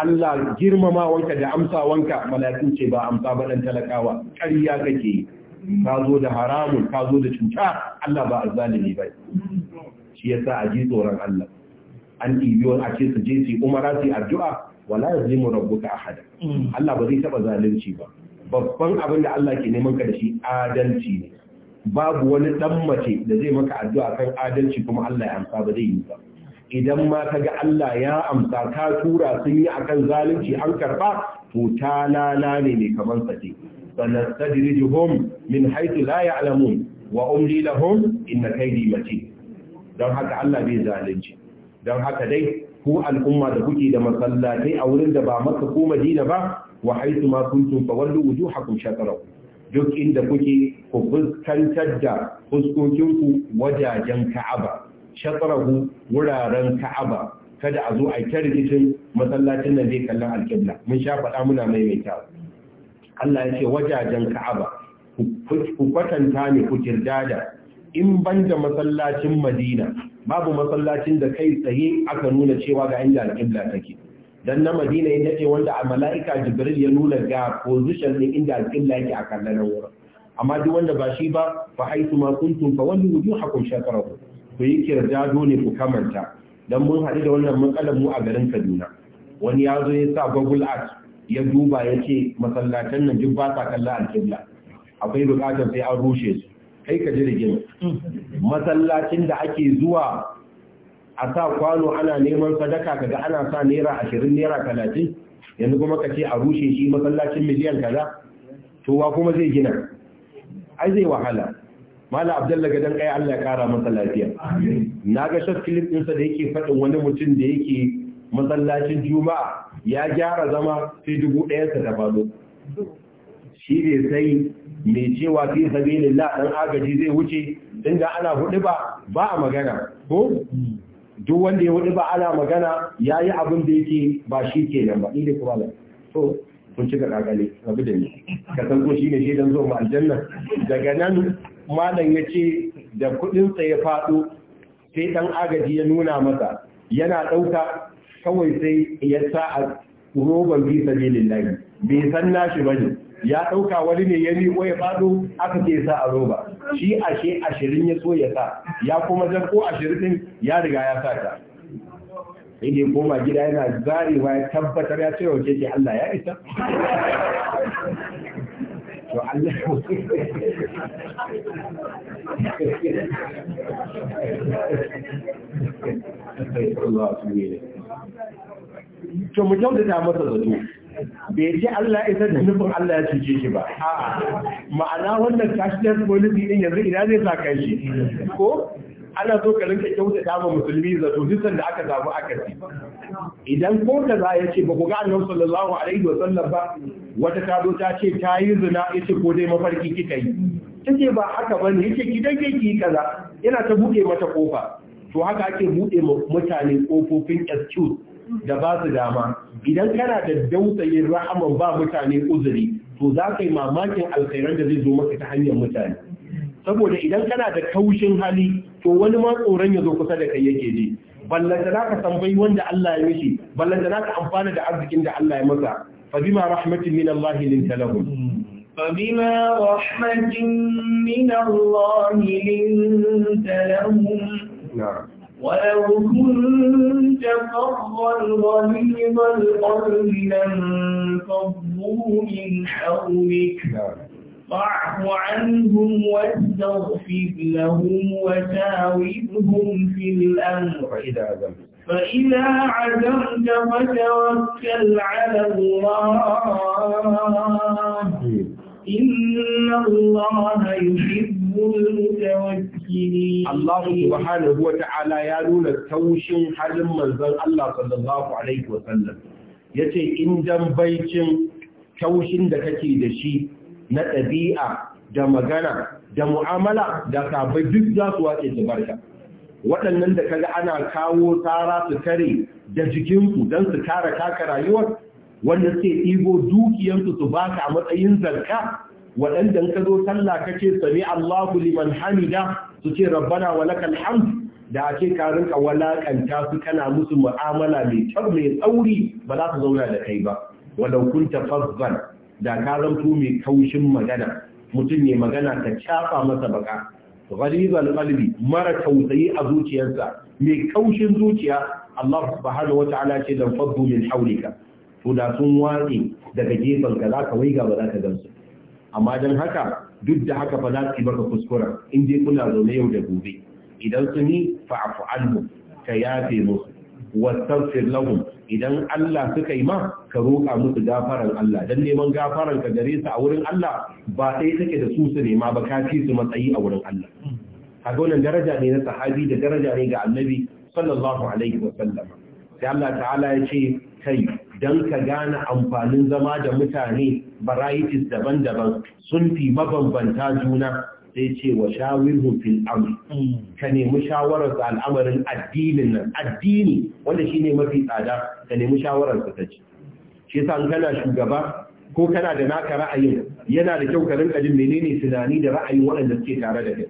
Allah girmama wanka da amsa wanka mala'iku ce ba amsa ba dan talakawa ƙarya kake ka zo da haramun ka zo da cuta Allah ba azzalimi ba shi yasa a ji tsoron Allah an ɗibiyo a ce su je su umara su addu'a wala yazlimu rabbuka ahada mm. Allah ba zai taba zalunci ba babban abin da Allah ke neman ka da shi adalci ne babu wani ɗan mace da zai maka addu'a kan adalci kuma Allah ya amsa ba zai yi ba idan ma ka ga Allah ya amsa ka tura sun yi akan zalunci an karba to ta lala ne mai kamar sace sannan hom min haythu la ya'lamun wa umli lahum inna kaydi mace. don haka Allah bai zalunci don haka dai ku al'umma da kuke da masallatai a wurin da ba maka ko Madina ba wa haythu ma kuntum fawallu wujuhakum shatarahu duk inda kuke ku fuskantar da fuskokinku wajajen Ka'aba shatrahu wuraren Ka'aba kada a zo a ta rikicin masallacin da zai kallon alƙibla mun sha faɗa muna maimaita Allah ya ce wajajen Ka'aba ku kwatanta ne ku kirdada in banda masallacin Madina babu masallacin da kai tsaye aka nuna cewa ga inda alƙibla take dan na madina ita ce wanda a mala'ika jibril ya nuna ga position din inda alƙilla yake a kallon wurin amma duk wanda ba shi ba fa haitu ma kuntum fa wallu wujuhakum shatarahu ku yi kirdado ne ku kamanta dan mun haɗu da wannan matsalar mu a garin Kaduna wani ya zo ya sa Google Earth ya duba ya ce masallatan nan duk ba kalla alƙibla akwai buƙatar sai an rushe su kai ka ji rigima mm. masallacin da ake zuwa a sa kwano ana neman sadaka kaga ana sa naira ashirin naira talatin yanzu kuma ka ce a rushe shi masallacin miliyan kaza to wa kuma zai gina ai zai wahala mala abdalla gadan kai Allah ya kara masa lafiya na ga shot clip ɗinsa da yake faɗin wani mutum da yake masallacin juma'a ya gyara zama sai dubu ɗayansa ta shi ne sai mai cewa fi sabilillah dan agaji zai wuce inda ana hudu ba ba a magana ko duk wanda ya wani ba ana magana ya yi abin da yake ba shi ke nan ba ni da kuma ba so kun ci kakakale rabu da ni ka san ko ne shi dan zo ma aljanna daga nan malam ya ce da kuɗin sa ya faɗo sai ɗan agaji ya nuna masa yana ɗauka kawai sai ya sa a roban bisa sabilillahi bai san nashi bane ya ɗauka wani ne ya riƙo ya faɗo aka ke sa a roba shi ashe ashirin ya so ya sa ya kuma zan ko ashirin ya riga ya sa ta koma gida yana zarewa ya tabbatar ya ce wace ce Allah ya isa to Allah to mu kyautata masa zato bai ce Allah isa da nufin Allah ya cuce shi ba ma'ana wannan cashless policy ɗin yanzu ina zai sa kai shi ko ana so ka rinka kyauta dama musulmi zato dukkan da aka samu akasi idan ko ka za ya ce ba ku ga annabi sallallahu alaihi wa sallam ba wata ta zo ta ce ta yi zina ya ce ko dai mafarki kika yi ce ba haka ba ya ce gidan ke ki kaza yana ta buɗe mata kofa to haka ake buɗe mutane kofofin excuse da ba su dama idan kana da dausayin rahaman ba mutane uzuri to za ka yi mamakin alkhairar da zai zo maka ta hanyar mutane saboda idan kana da kaushin hali to wani ma tsoron ya zo kusa da kai yake je ballanta za ka tambayi wanda Allah ya mishi ballanta za ka amfana da arzikin da Allah ya masa fa bima rahmatin min Allah linta Fa bima رحمة من الله لنت ولو كنت فظا غليظ القلب لانفضوا من حولك نعم. فاعف عنهم واستغفر لهم وشاورهم في الامر فاذا فإذا عزمت فتوكل على الله إن الله يحب المتوكلين الله سبحانه وتعالى يا نونا توشن حال منزل الله صلى yace in dan baicin taushin da kake da shi na ɗabi'a da magana da mu'amala da sabai duk za su wace barka waɗannan da kaga ana kawo tsara su kare da jikinsu don su kare taka rayuwar wanda suke ɗigo dukiyansu su baka a matsayin zarka waɗanda ka zo sallah ka ce sami Allahu liman hamida su ce rabbana wa lakal hamd da ake ka walakanta su kana musu mu'amala mai kyau mai tsauri ba za su zauna da kai ba walau ta fazzan da ka mai kaushin magana mutum ne magana ta cafa masa baka ghalibal qalbi mara tausayi a zuciyarsa mai kaushin zuciya Allah subhanahu wata'ala ce dan faddu min haulika to da sun daga gefen ka za ka wai ba za ka gansu. amma don haka duk da haka fa za su yi maka kuskura in je kuna zaune yau da gobe idan sun yi fa'afu anhu ka yafe musu wastaghfir lahum idan Allah suka yi ma ka roƙa musu gafaran Allah dan neman gafaran ka gare su a wurin Allah ba sai take da su su nema ba ka fi su matsayi a wurin Allah kaga wannan daraja ne na sahabi da daraja ne ga annabi sallallahu alaihi wa sallam sai Allah ta'ala ya ce kai Dan ka gane amfanin zama da mutane varieties daban-daban sun fi mabambanta juna sai ce wa shawiru fil ka nemi shawarar sa al'amarin addinin nan addini wanda shine mafi tsada ka nemi shawarar sa ta ce shi yasa kana shugaba ko kana da naka ra'ayin yana da kyau ka rinka jin menene tunani da ra'ayin waɗanda suke tare da kai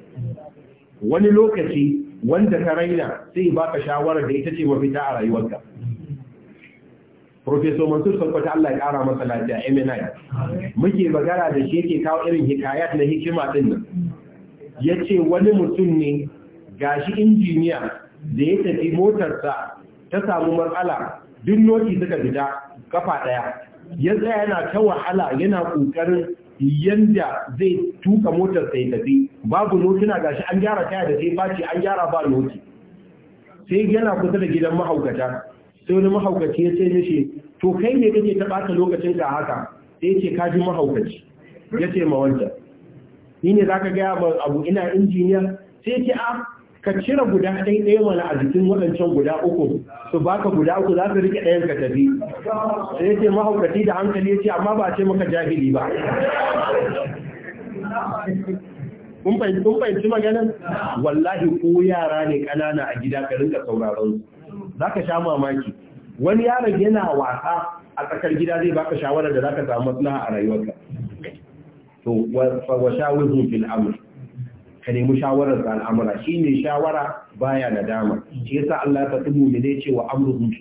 wani lokaci wanda ka raina sai baka shawarar da ita ce mafita a rayuwarka Profesor Mansur Sarkwata Allah ya ƙara masa lafiya MNI. Muke magana da shi ke kawo irin hikayat na hikima ɗin nan. Ya ce wani mutum ne gashi injiniya da ya tafi motarsa ta samu matsala duk noti suka fita kafa ɗaya. Ya tsaya yana ta wahala yana ƙoƙarin yadda zai tuka motarsa ya tafi. Babu notuna gashi an gyara taya da sai baci an gyara ba noti. Sai yana kusa da gidan mahaukata sai wani mahaukaci ya ce mishi to kai ne kake ta ɓata lokacin ka haka sai ce ka ji mahaukaci ya ce ma wanda ni ne za ka gaya ban abu ina injiniya sai ce a ah, ka cire guda ɗaya ɗaya mana a jikin waɗancan guda uku su baka guda uku za su rike ɗayan ka tafi sai ya ce mahaukaci da hankali ya ce amma ba a ce maka jahili ba kun fahimci maganin wallahi ko yara ne ƙanana a gida ka rinka sauraron su za ka sha mamaki wani yaron yana wasa a tsakar gida zai baka shawarar da zaka samu maslaha a rayuwarka to wa shawirhum fil amr ka nemi shawarar da al'amura shi ne shawara baya nadama shi yasa Allah ta tumu cewa ce wa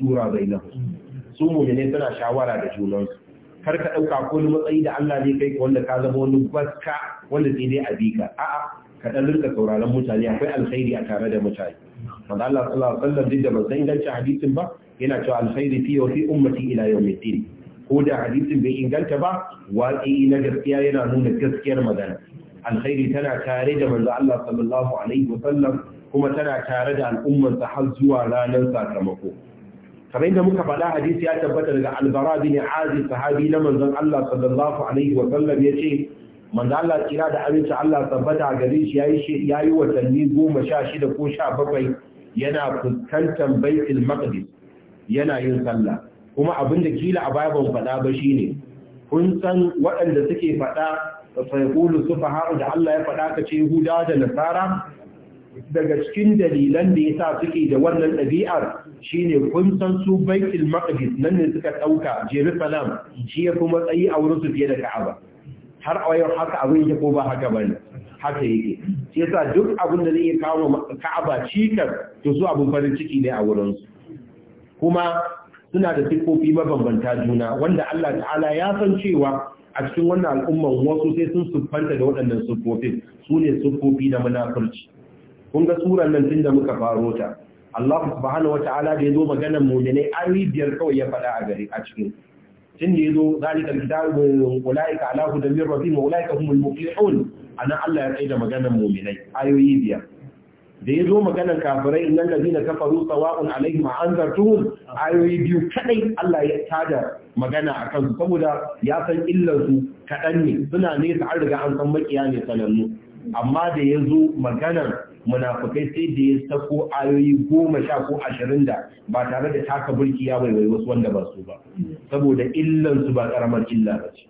tura bai bainahum su mu'mine suna shawara da junansu kar ka dauka ko ni matsayi da Allah zai kai wanda ka zama wani baska wanda sai dai a bika a'a ka dan rinka sauraron mutane akwai alkhairi a tare da mutane manzo Allah sallallahu alaihi wasallam duk da ban san ingancin hadisin ba yana cewa alkhairi fi wa fi ummati ila yawmiddin ko da hadisin bai inganta ba waƙi na gaskiya yana nuna gaskiyar magana alkhairi tana tare da manzo Allah sallallahu alaihi wa sallam), kuma tana tare da al'ummarsa har zuwa ranar sakamako kamar yadda muka faɗa hadisi ya tabbata daga albara bin azib sahabi na manzon Allah sallallahu alaihi wa sallam yace manzo Allah kira da abinci Allah tabbata gare shi yayi yayi watanni 16 ko 17 yana fuskantar baitul maqdis yana yin sallah kuma abinda kila a baya ban faɗa ba shine kun san waɗanda suke faɗa su sufaha da Allah ya faɗa ka ce huda da Nasara daga cikin dalilan da yasa suke da wannan ɗabi'ar shine kun san su Baitul Maqdis nan ne suka ɗauka Jerusalem shi ya kuma tsayi a wurin su fiye da Ka'aba har a yau haka abin yake ko ba haka bane haka yake shi yasa duk abin da zai kawo Ka'aba cikas to su abin farin ciki ne a wurin su kuma suna da siffofi mabambanta juna wanda Allah ta'ala ya san cewa a cikin wannan al'umman wasu sai sun siffanta da waɗannan siffofin su ne siffofi na munafurci kun ga suran nan tun da muka faro ta Allah subhanahu wata'ala da ya zo maganar mu'minai ayoyi biyar kawai ya faɗa a gari a cikin tun da ya zo zalika kitabun ulaika ala hudan min rabbihim ulaika humul muflihun anan Allah ya tsaye da maganar mu'minai ayoyi biyar da ya zo maganar kafirai innan ladina kafaru sawa'un alaihim zartuhun ayoyi biyu kadai Allah ya tada magana a kansu saboda ya san illarsu kaɗan ne suna ne ta riga an san makiya ne sanannu amma da ya zo maganar munafukai sai da ya sako ayoyi goma sha ko ashirin da ba tare da taka burki ya bai wasu wanda ba su ba saboda illansu ba karamar illa ba ce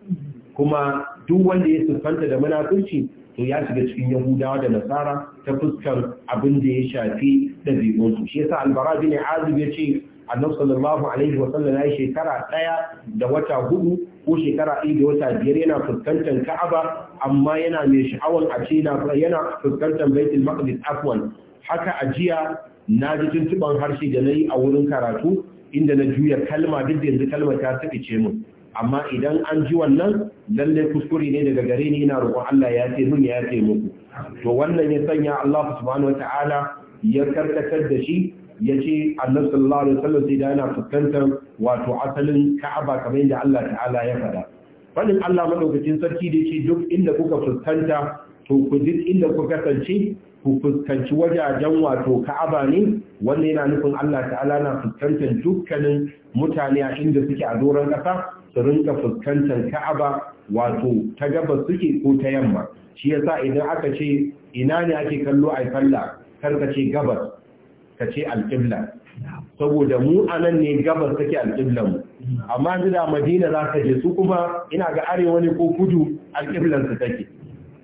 kuma duk wanda ya sufanta da munafunci. to ya shiga cikin yahudawa da nasara ta fuskar abin da ya shafi zigonsu shi yasa albara bin azib ya ce annabi sallallahu alaihi wa sallam ya shekara ɗaya da wata hudu ko shekara ɗaya da wata biyar yana fuskantar ka'aba amma yana mai sha'awar a ce yana fuskantar baitul maqdis afwan haka a jiya na ji tuntuban harshe da na yi a wurin karatu inda na juya kalma duk da yanzu kalmar ta ce mun amma idan an ji wannan lalle kuskure ne daga gare ni ina roƙon Allah ya ce mun ya ce muku to wannan ya sanya Allah subhanahu wataala ya karkatar da shi ya ce Allah sallallahu alaihi wasallam sai da yana fuskantar wato asalin Ka'aba kamar yadda Allah ta'ala ya faɗa fadin Allah madaukakin sarki da yake duk inda kuka fuskanta to ku duk inda kuka kasance ku fuskanci wajajen wato ka'aba ne Wannan yana nufin Allah ta'ala na fuskantar dukkanin mutane a inda suke a doron ƙasa su rinka fuskantar ka'aba wato ta gabas suke ko ta yamma shi yasa idan aka ce ina ne ake kallo a sallah kar ka ce gabas ka ce alƙibla saboda mu anan ne gabas take alƙiblan mu amma yanzu da madina za ka je su kuma ina ga arewa ne ko kudu alƙiblan su take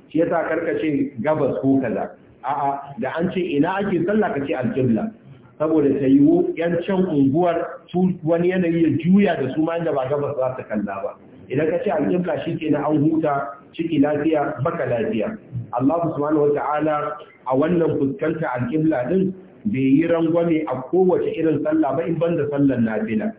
shi yasa kar ka ce gabas ko kaza a'a da an ce ina ake sallah ka ce alƙibla saboda ta yiwu 'yancin unguwar wani yanayi ya juya da su ma da ba gabas za ta kalla ba idan ka ce alƙibla shi ke na an huta ciki lafiya baka lafiya Allah subhanahu a wannan fuskanta alƙibla din bai yi rangwame a kowace irin sallah ba in banda sallar nafila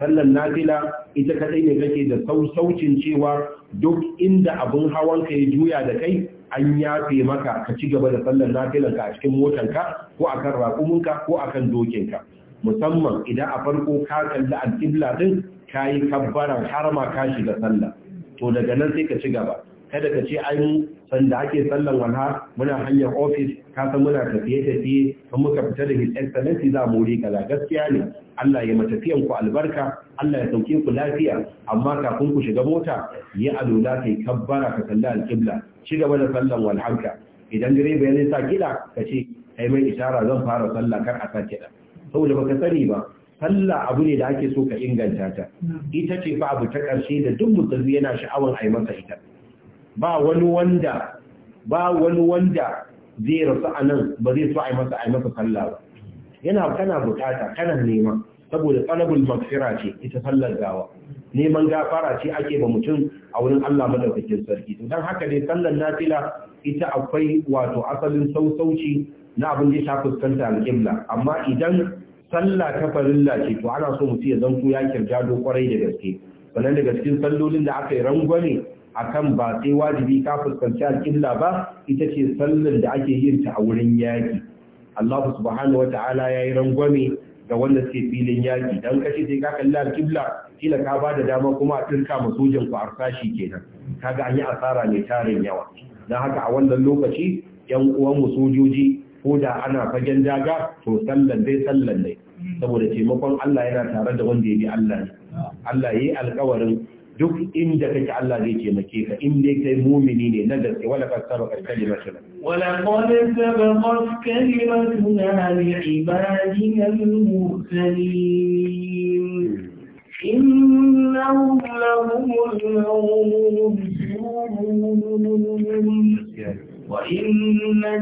sallar nafila ita kadai ne kake da sausaucin cewa duk inda abun hawan ka ya juya da kai an yafe maka ka ci gaba da sallar nafilan ka a cikin motanka ko akan raƙuminka ko akan dokinka musamman idan a farko ka kalli alƙibla din ka yi kabbaran har ma ka shiga sallah to daga nan sai ka ci gaba kada ka ce ai sanda ake sallan wala muna hanyar ofis ka san muna tafiye tafiye kan muka fita da his excellency za mu rika kaza gaskiya ne Allah ya matafiyan ku albarka Allah ya sauke ku lafiya amma kafin ku shiga mota yi alola kai kabbara ka kalli alƙibla ci gaba da sallan walhanka idan direba ya sa kiɗa ka ce ai mai ishara zan fara sallah kar a sa da saboda baka sani ba sallah abu ne da ake so ka inganta ta ita ce fa abu ta ƙarshe da duk mutum yana sha'awar a masa ita ba wani wanda ba wani wanda zai rasu a nan ba zai so a yi masa a masa sallah ba yana kana bukata kana nema saboda talabul maghfira ce ita sallar gawa neman gafara ce ake ba mutum a wurin Allah madaukakin sarki to dan haka dai sallar nafila ita akwai wato asalin sausauci na abin da ya shafi fuskanta al amma idan sallah ta farilla ce to ana so mutum ya zanku ya do kwarai da gaske sannan daga cikin sallolin da aka yi rangwame akan ba sai wajibi ka fuskanci alƙibla ba ita ce sallar da ake yin ta a wurin yaki. Allah subhanahu wa ta'ala ya rangwame ga wanda suke filin yaƙi dan kace sai ka kalli alƙibla kila ka ba da dama kuma a turka ma sojan ku arsashi kenan kaga an yi asara mai tarin yawa dan haka a wannan lokaci yan uwan mu sojoji ko da ana fagen daga to sallan dai sallan ne saboda taimakon Allah yana tare da wanda ya bi Allah ne Allah yayi alƙawarin duk inda kake Allah zai taimake ka in dai kai mumini ne na gaske wala ka saba ka kalima shi wala qad sabaqat kalimatuna li ibadina al-mursalin innahum lahumul munsurun وإن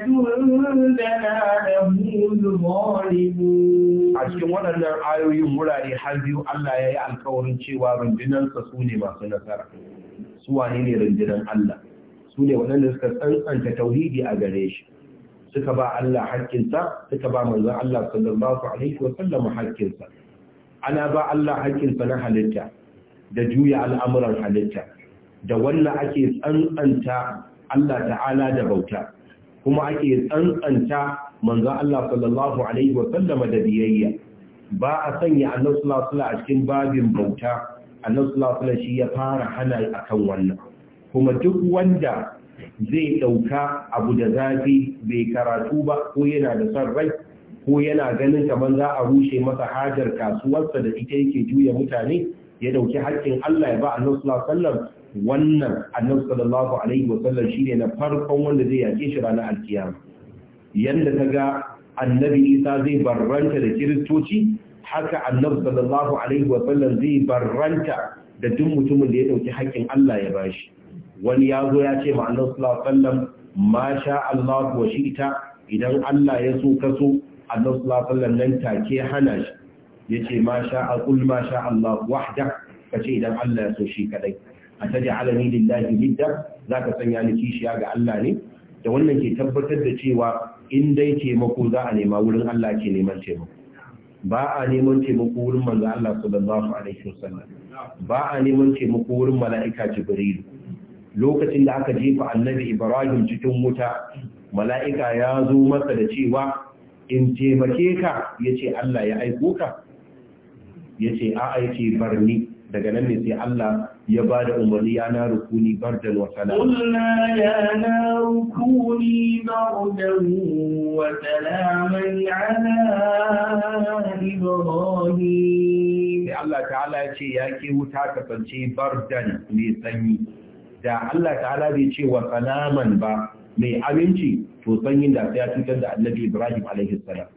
جندنا لهم الغالبون a cikin waɗannan ayoyin wurare har biyu Allah ya yi alkawarin cewa rundunarsa su ne masu nasara su wane ne rundunar Allah su ne waɗanda suka tsantsanta tauhidi a gare shi suka ba Allah haƙƙinsa suka ba manzon Allah sallallahu alaihi wa sallama haƙƙinsa ana ba Allah haƙƙinsa na halitta da juya al'amuran halitta da wannan ake tsantsanta Allah ta'ala da bauta kuma ake tsantsanta manzon Allah sallallahu alaihi wa sallama da biyayya ba a sanya annabi sallallahu alaihi a cikin babin bauta annabi sallallahu alaihi shi ya fara hana akan wannan kuma duk wanda zai dauka abu da zafi bai karatu ba ko yana da son rai ko yana ganin kamar za a rushe masa hajar kasuwarsa da ita yake juya mutane ya dauki haƙƙin Allah ya ba annabi sallallahu alaihi wannan annabi sallallahu alaihi shine na farkon wanda zai yake shi ranar alkiyama yanda ga annabi Isa zai barranta da kiristoci haka annabi sallallahu alaihi zai barranta da duk mutumin da ya ɗauki haƙƙin Allah ya bashi wani ya zo ya ce ma annabi sallallahu alaihi wa ma sha Allah wa idan Allah ya so ka so sallallahu alaihi nan take hana shi yace ma sha aqul ma sha Allah wahda kace idan Allah ya so shi kadai a taje alami lillahi hidda za ka sanya ni kishiya ga Allah ne da wannan ke tabbatar da cewa in dai taimako za a nema wurin Allah ke neman taimako ba a neman taimako wurin manzo Allah sallallahu alaihi wasallam ba a neman taimako wurin mala'ika jibril lokacin da aka jefa annabi ibrahim cikin wuta mala'ika ya zo masa da cewa in taimake ka yace Allah ya aiko ka ya a aiki barni daga nan ne sai Allah ya ba da umarni ya na rukuni bardan wa salama. Kulla ya na rukuni bardan wa salaman ala Ibrahim. Sai Allah ta'ala ya ce ya ke wuta kasance bardan mai sanyi. Da Allah ta'ala bai ce wa salaman ba mai aminci to sanyin da sai ya cutar da annabi Ibrahim alaihi salam.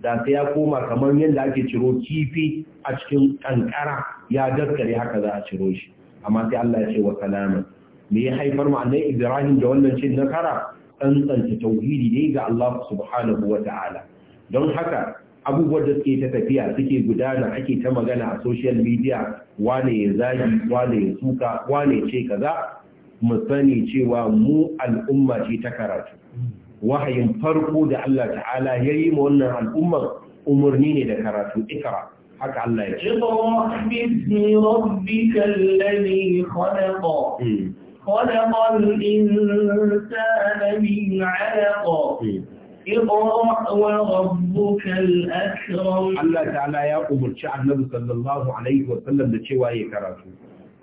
Da sai ya koma kamar yadda ake ciro kifi a cikin kankara ya daskare haka za a ciro shi. amma sai Allah ya ce wa salama me ya haifar mu annabi Ibrahim da wannan cin nasara tsantsanta tauhidi dai ga Allah subhanahu wa ta'ala don haka abubuwan da suke ta tafiya suke gudana ake ta magana a social media wane ya zagi wane ya suka wane ce kaza mu sani cewa mu al'umma ce ta karatu wahayin farko da Allah ta'ala ya yi ma wannan al'ummar umarni ne da karatu ikra haka Allah ya ce bismi rabbikal ladhi khalaqa خلق الإنسان من علق اقرأ وربك الأكرم الله تعالى يا أمرci Annabi sallallahu alaihi wa sallam da cewa ya karatu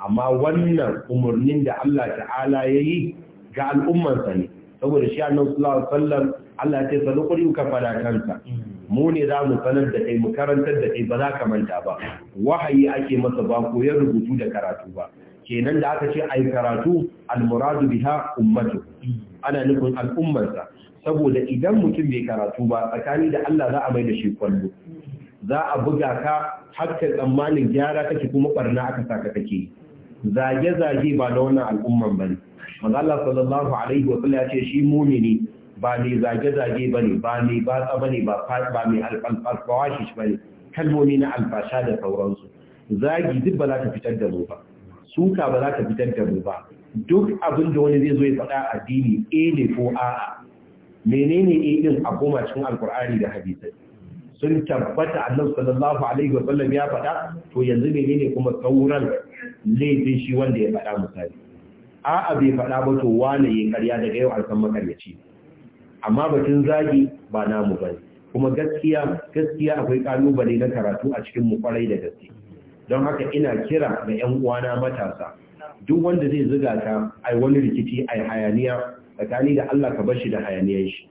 amma wannan umarnin da Allah ta'ala ya yi, ga al'ummarsa ne saboda shi Annabi sallallahu alaihi wa sallam Allah ya ce sadu quri ka fara kansa hmm. mu ne za mu sanar da kai mu karantar da kai ba za ka manta ba wahayi ake masa ba ko rubutu da karatu ba kenan da aka ce ai karatu almuradu biha ummatu ana nufin al'ummarsa saboda idan mutum bai karatu ba tsakani da Allah za a mai da shi kwallo za a buga ka har ka tsammanin gyara kake kuma barna aka saka kake zage-zage ba da wannan al'umman ba ne. Allah sallallahu Alaihi wasallam ya ce shi mumini ba mai zage-zage ba ne ba mai batsa ba ne ba mai alfasfawashi ba ne kalmomi na alfasha da sauransu zagi duk ba za ka fitar da mu ba suka ba za ka fitar da mu ba duk abin da wani zai zo ya faɗa addini a ne ko a'a menene a din a goma cikin alkur'ani da hadisai sun tabbata annabi sallallahu alaihi wa sallam ya faɗa to yanzu menene kuma sauran laifin shi wanda ya faɗa misali a'a bai faɗa ba to wane ya karya daga yau alkan makaryaci amma batun zagi ba namu bane kuma gaskiya gaskiya akwai kalubale na karatu a cikin mu kwarai da gaske don haka ina kira ga ƴan uwana matasa duk wanda zai zuga ta ai wani rikici ai hayaniya tsakani da Allah ka bar shi da hayaniyar shi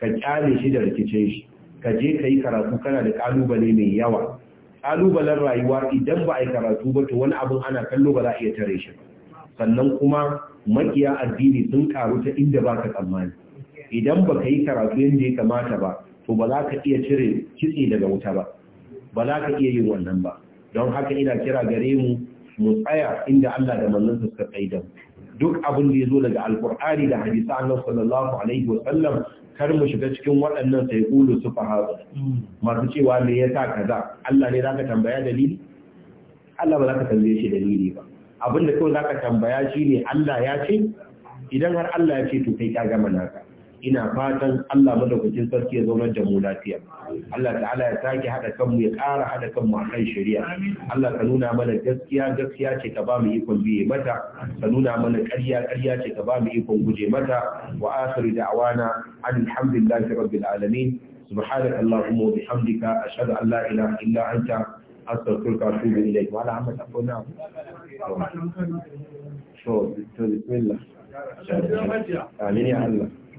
ka kyale shi da rikicin shi ka je kai karatu kana da kalubale mai yawa kalubalen rayuwa idan ba a yi karatu ba to wani abin ana kallo ba za a iya tare shi sannan kuma makiya addini sun karu ta inda baka tsammani idan ba ka yi karatu yadda ya kamata ba to ba za ka iya cire kitse daga wuta ba ba za ka iya yin wannan ba don haka ina kira gare mu mu tsaya inda Allah da manzansa suka mu. duk abin da ya zo daga alkur'ani da hadisa Allah sallallahu alaihi wasallam kar mu shiga cikin waɗannan sai kulu su fahaza masu cewa me yasa kaza Allah ne zaka tambaya dalili Allah ba zaka tambaye shi dalili ba abin da kawai zaka tambaya shine Allah ya ce idan har Allah ya ce to kai ka gama naka ina fatan Allah madaukakin sarki ya zaunar da mu lafiya Allah ta'ala ya sake hada kanmu ya ƙara hada kanmu a kan shari'a Allah ka nuna mana gaskiya gaskiya ce ka ba mu ikon biye mata ka nuna mana ƙarya ƙarya ce ka ba mu ikon guje mata wa akhiru da'wana alhamdulillahi rabbil alamin subhanaka allahumma wa bihamdika ashhadu an la ilaha illa anta astaghfiruka wa atubu ilayk wa ala ahmad afuna so to bismillah amin ya allah